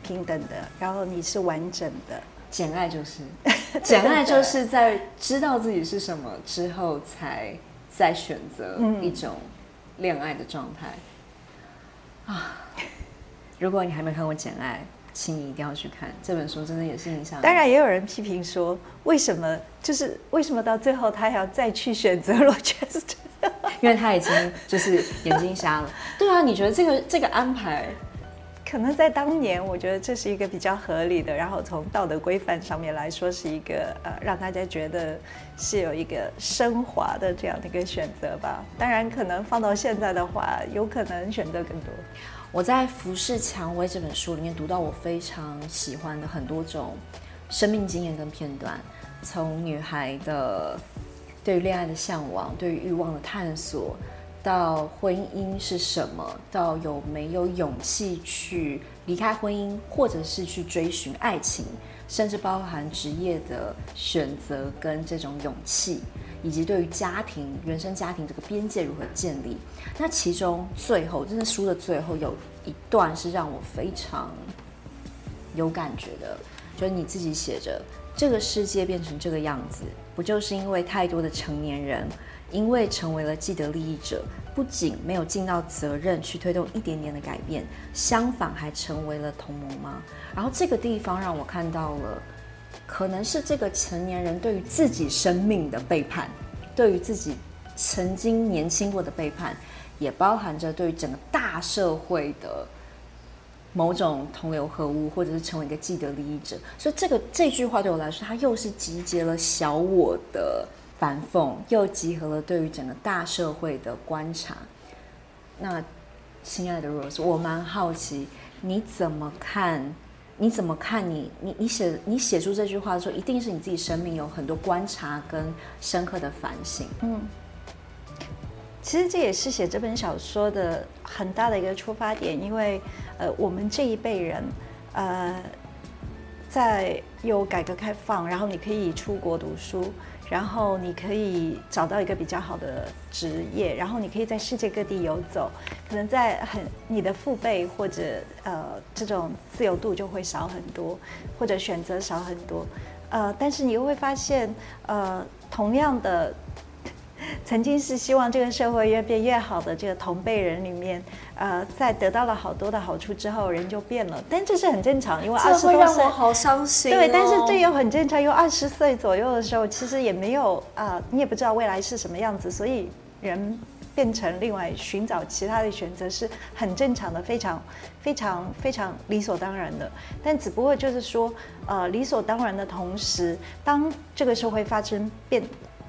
平等的，然後你是完整的。《簡愛》就是《簡愛》就是，《簡愛》就是在知道自己是什麼之後，才再選擇一種戀愛的狀態。啊，如果你還沒看過《簡愛》。請你一定要去看這本書，真的也是影響。當然，也有人批評說，為什麼就是為什麼到最後他還要再去選擇羅切斯特？ [LAUGHS] 因為他已經就是眼睛瞎了。 [LAUGHS] 對啊，你覺得這個這個安排，可能在當年，我覺得這是一個比較合理的。然後從道德規範上面來說，是一個呃讓大家覺得是有一個升華的這樣的一個選擇吧。當然，可能放到現在的話，有可能選擇更多。我在《浮世薔薇》這本書裡面讀到我非常喜歡的很多種生命經驗跟片段，從女孩的對於戀愛的向往、對於欲望的探索，到婚姻是什麼，到有沒有勇氣去離開婚姻，或者是去追尋愛情，甚至包含職業的選擇跟這種勇氣。以及對於家庭、原生家庭這個邊界如何建立？那其中最後，真的書的最後有一段是讓我非常有感覺的，就是你自己寫着：這個世界變成這個樣子，不就是因為太多的成年人因為成為了既得利益者，不僅沒有盡到責任去推動一點點的改變，相反還成為了同謀嗎？然後這個地方讓我看到了。可能是這個成年人對於自己生命的背叛，對於自己曾經年輕過的背叛，也包含着對於整個大社會的某種同流合污，或者是成為一個既得利益者。所以，這個這句話對我來說，它又是集結了小我的反諷，又集合了對於整個大社會的觀察。那，親愛的 Rose，我蠻好奇你怎麼看？你怎麼看你？你你你寫你寫出這句話的時候，一定是你自己生命有很多觀察跟深刻的反省。嗯，其實這也是寫這本小說的很大的一個出發點，因為呃，我們這一輩人，呃，在有改革開放，然後你可以出國讀書。然後你可以找到一個比較好的職業，然後你可以在世界各地遊走。可能在很，你的父輩或者呃這種自由度就會少很多，或者選擇少很多。呃，但是你又會發現，呃，同樣的。曾經是希望這個社會越變越好的這個同輩人裡面，呃，在得到了好多的好處之後，人就變了。但這是很正常，因為二十多歲讓我好傷心、哦。對，但是這也很正常。因為二十歲左右的時候，其實也沒有啊、呃，你也不知道未來是什麼樣子，所以人變成另外尋找其他的選擇是很正常的，非常非常非常理所當然的。但只不過就是說，呃，理所當然的同時，當這個社會發生變。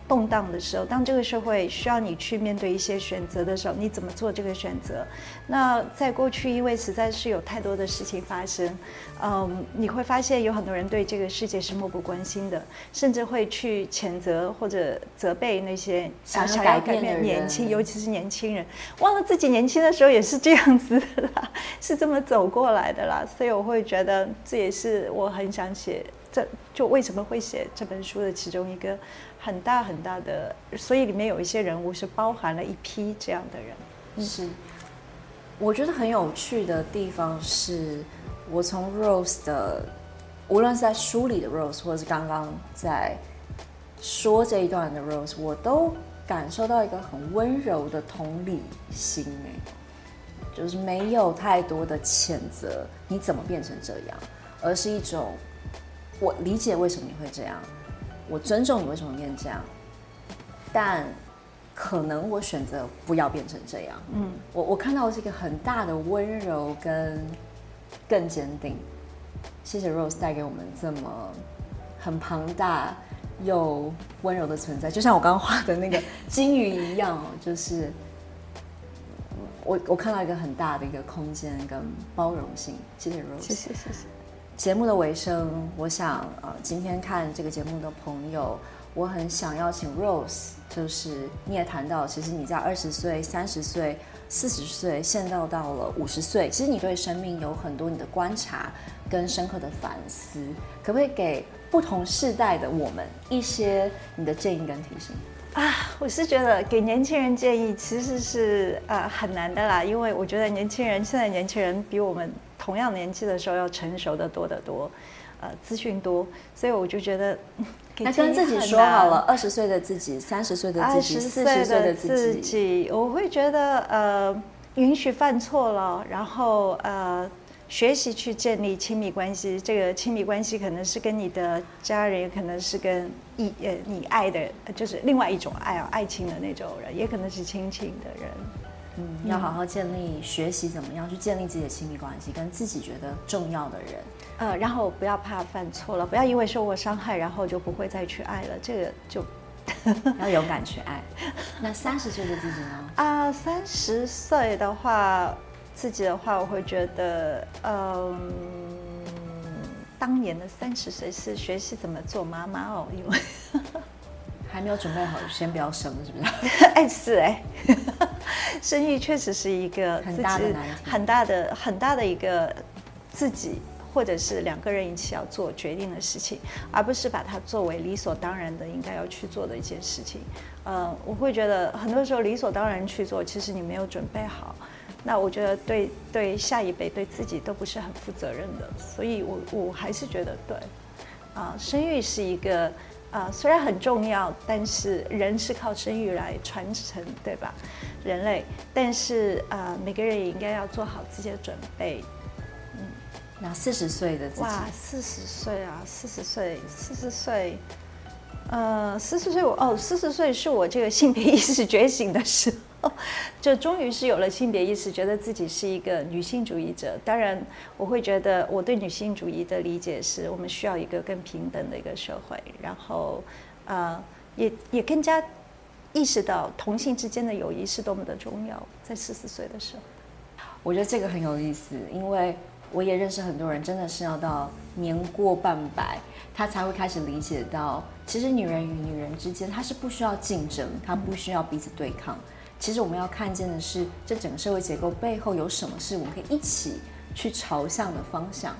動盪的時候，當這個社會需要你去面對一些選擇的時候，你怎麼做這個選擇？那在過去，因為實在是有太多的事情發生，嗯，你會發現有很多人對這個世界是漠不關心的，甚至會去譴責或者責備那些想要改變年輕，尤其是年輕人，忘了自己年輕的時候也是這樣子的啦，是這麼走過來的啦。所以我會覺得這也是我很想寫，這就為什麼會寫這本書的其中一個。很大很大的，所以裡面有一些人物是包含了一批這樣的人。是，我覺得很有趣的地方是，我從 Rose 的，無論是在書裡的 Rose，或者是剛剛在說這一段的 Rose，我都感受到一個很溫柔的同理心，欸，哎，就是沒有太多的譴責，你怎麼變成這樣，而是一種我理解為什麼你會這樣。我尊重你為什麼念這樣，但可能我選擇不要變成這樣。嗯，我我看到的是一個很大的溫柔跟更堅定。謝謝 Rose 帶給我們這麼很龐大又溫柔的存在，就像我剛剛畫的那個金魚一樣哦， [LAUGHS] 就是我我看到一個很大的一個空間跟包容性。謝謝 Rose。謝謝謝謝。節目的尾聲，我想、呃，今天看這個節目的朋友，我很想邀請 Rose，就是你也談到，其實你在二十歲、三十歲、四十歲，現在到、到了五十歲，其實你對生命有很多你的觀察跟深刻的反思，可不可以給不同世代的我們一些你的建議跟提醒？啊，我是覺得給年輕人建議其實是啊、呃，很難的啦，因為我覺得年輕人現在年輕人比我們，同樣年紀的時候，要成熟的多得多，呃，資訊多，所以我就覺得，嗯，那跟自己說好了，二十歲的自己，三十歲的自己，四十歲的自己，我會覺得，呃，允許犯錯了，然後呃，學習去建立親密關係，這個親密關係可能是跟你的家人，也可能是跟一呃你愛的，就是另外一種愛啊，愛情的那種人，也可能是親情的人。嗯、要好好建立學習怎麼樣去建立自己的親密關係，跟自己覺得重要的人，呃，然後不要怕犯錯了，不要因為受過傷害然後就不會再去愛了，這個就 [LAUGHS] 要勇敢去愛。那三十歲的自己呢？啊、呃，三十歲的話，自己的話，我會覺得，嗯、呃，當年的三十歲是學習怎麼做媽媽哦，因為。 [LAUGHS] 還沒有準備好，先不要生，是不是？哎、 [LAUGHS] 欸，是哎，生育確實是一個很大的難題，很大的、很大的一個自己或者是兩個人一起要做決定的事情，而不是把它作為理所當然的應該要去做的一件事情。呃，我會覺得很多時候理所當然去做，其實你沒有準備好。那我覺得對對下一輩對自己都不是很負責任的，所以我我還是覺得對啊、呃，生育是一個。啊、呃，雖然很重要，但是人是靠生育來傳承，對吧？人類。但是啊、呃，每個人也應該要做好自己的準備。嗯，那四十歲的自己，哇，四十歲啊，四十歲，四十歲，呃，四十歲我哦，四十歲是我這個性別意識覺醒的時候。Oh, 就終於是有了性別意識，覺得自己是一個女性主義者。當然，我會覺得我對女性主義的理解是我們需要一個更平等的一個社會，然後，呃、也也更加意識到同性之間的友誼是多麼的重要。在四十歲的時候，我覺得這個很有意思，因為我也認識很多人，真的是要到年過半百，他才會開始理解到，其實女人與女人之間，她是不需要競爭，她不需要彼此對抗。其實我們要看見的是，這整個社會結構背後有什麼是我們可以一起去朝向的方向。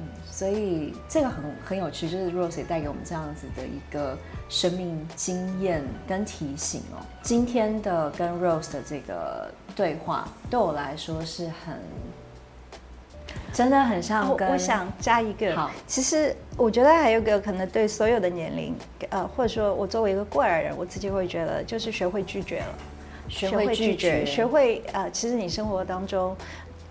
嗯，所以這個很很有趣，就是 Rose 也帶給我們這樣子的一個生命經驗跟提醒哦。今天的跟 Rose 的這個對話，對我來說是很。真的很像我。我想加一個好，其實我覺得還有個可能對所有的年齡，呃，或者說我作為一個過來人，我自己會覺得就是學會拒絕了，學會拒絕，學會，學會呃，其實你生活當中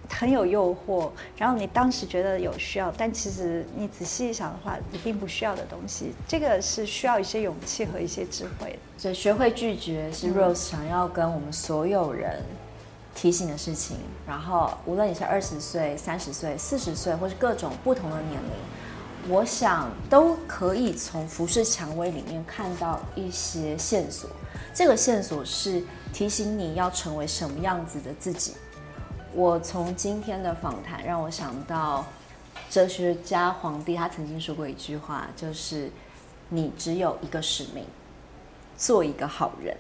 很有誘惑，然後你當時覺得有需要，但其實你仔細一想的話，你並不需要的東西，這個是需要一些勇氣和一些智慧的。所以學會拒絕是 Rose 想要跟我們所有人。嗯提醒的事情，然後無論你是二十歲、三十歲、四十歲，或是各種不同的年齡，我想都可以從《浮世薔薇》裡面看到一些線索。這個線索是提醒你要成為什麼樣子的自己。我從今天的訪談讓我想到，哲學家皇帝他曾經說過一句話，就是“你只有一個使命，做一個好人。”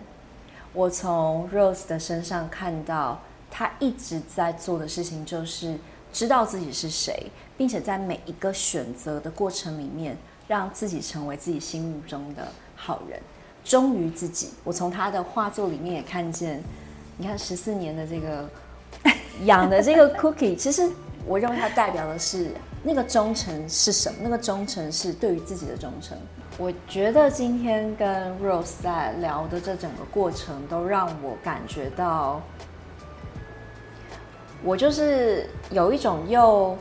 我從 Rose 的身上看到。他一直在做的事情就是知道自己是誰，並且在每一個選擇的過程裡面，讓自己成為自己心目中的好人，忠於自己。我從他的畫作裡面也看見，你看十四年的這個養的這個 cookie， [LAUGHS] 其實我認為它代表的是那個忠誠是什麼？那個忠誠是對於自己的忠誠。我覺得今天跟 Rose 在聊的這整個過程，都讓我感覺到。我就是有一種又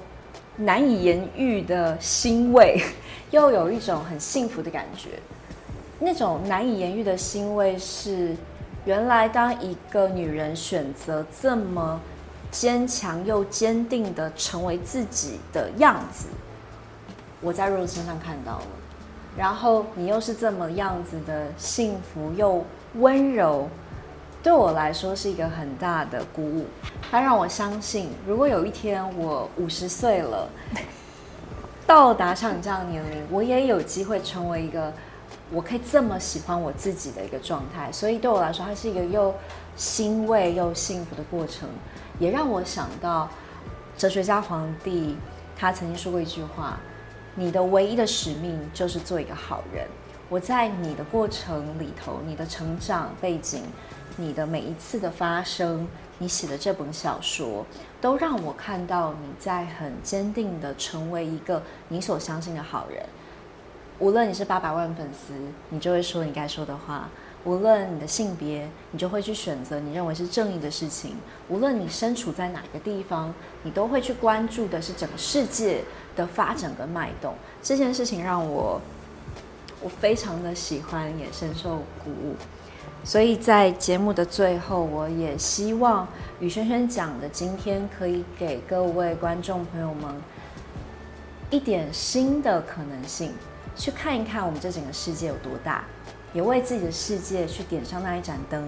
難以言喻的欣慰，又有一種很幸福的感覺。那種難以言喻的欣慰是，原來當一個女人選擇這麼堅強又堅定的成為自己的樣子，我在 Rose 身上看到了。然後你又是這麼樣子的幸福又溫柔。對我來說是一個很大的鼓舞，它讓我相信，如果有一天我五十歲了，到達像你這樣的年齡，我也有機會成為一個我可以這麼喜歡我自己的一個狀態。所以對我來說，它是一個又欣慰又幸福的過程，也讓我想到哲學家皇帝他曾經說過一句話：“你的唯一的使命就是做一個好人。”我在你的過程裡頭，你的成長背景。你的每一次的發生，你寫的這本小說，都讓我看到你在很堅定的成為一個你所相信的好人。無論你是八百萬粉絲，你就會說你該說的話；無論你的性別，你就會去選擇你認為是正義的事情；無論你身處在哪個地方，你都會去關注的是整個世界的發展跟脈動。這件事情讓我我非常的喜歡，也深受鼓舞。所以在節目的最後，我也希望與軒軒講的今天可以給各位觀眾朋友們一點新的可能性，去看一看我們這整個世界有多大，也為自己的世界去點上那一盞燈。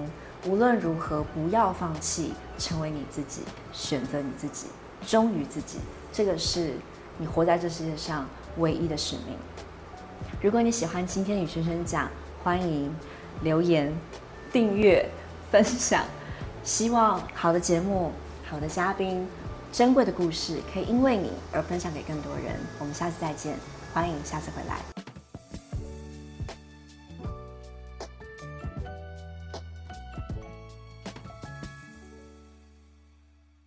無論如何，不要放棄，成為你自己，選擇你自己，忠於自己，這個是你活在這世界上唯一的使命。如果你喜歡今天與軒軒講，歡迎留言。訂閱、分享，希望好的節目、好的嘉賓、珍貴的故事，可以因為你而分享給更多人。我們下次再見，歡迎下次回來。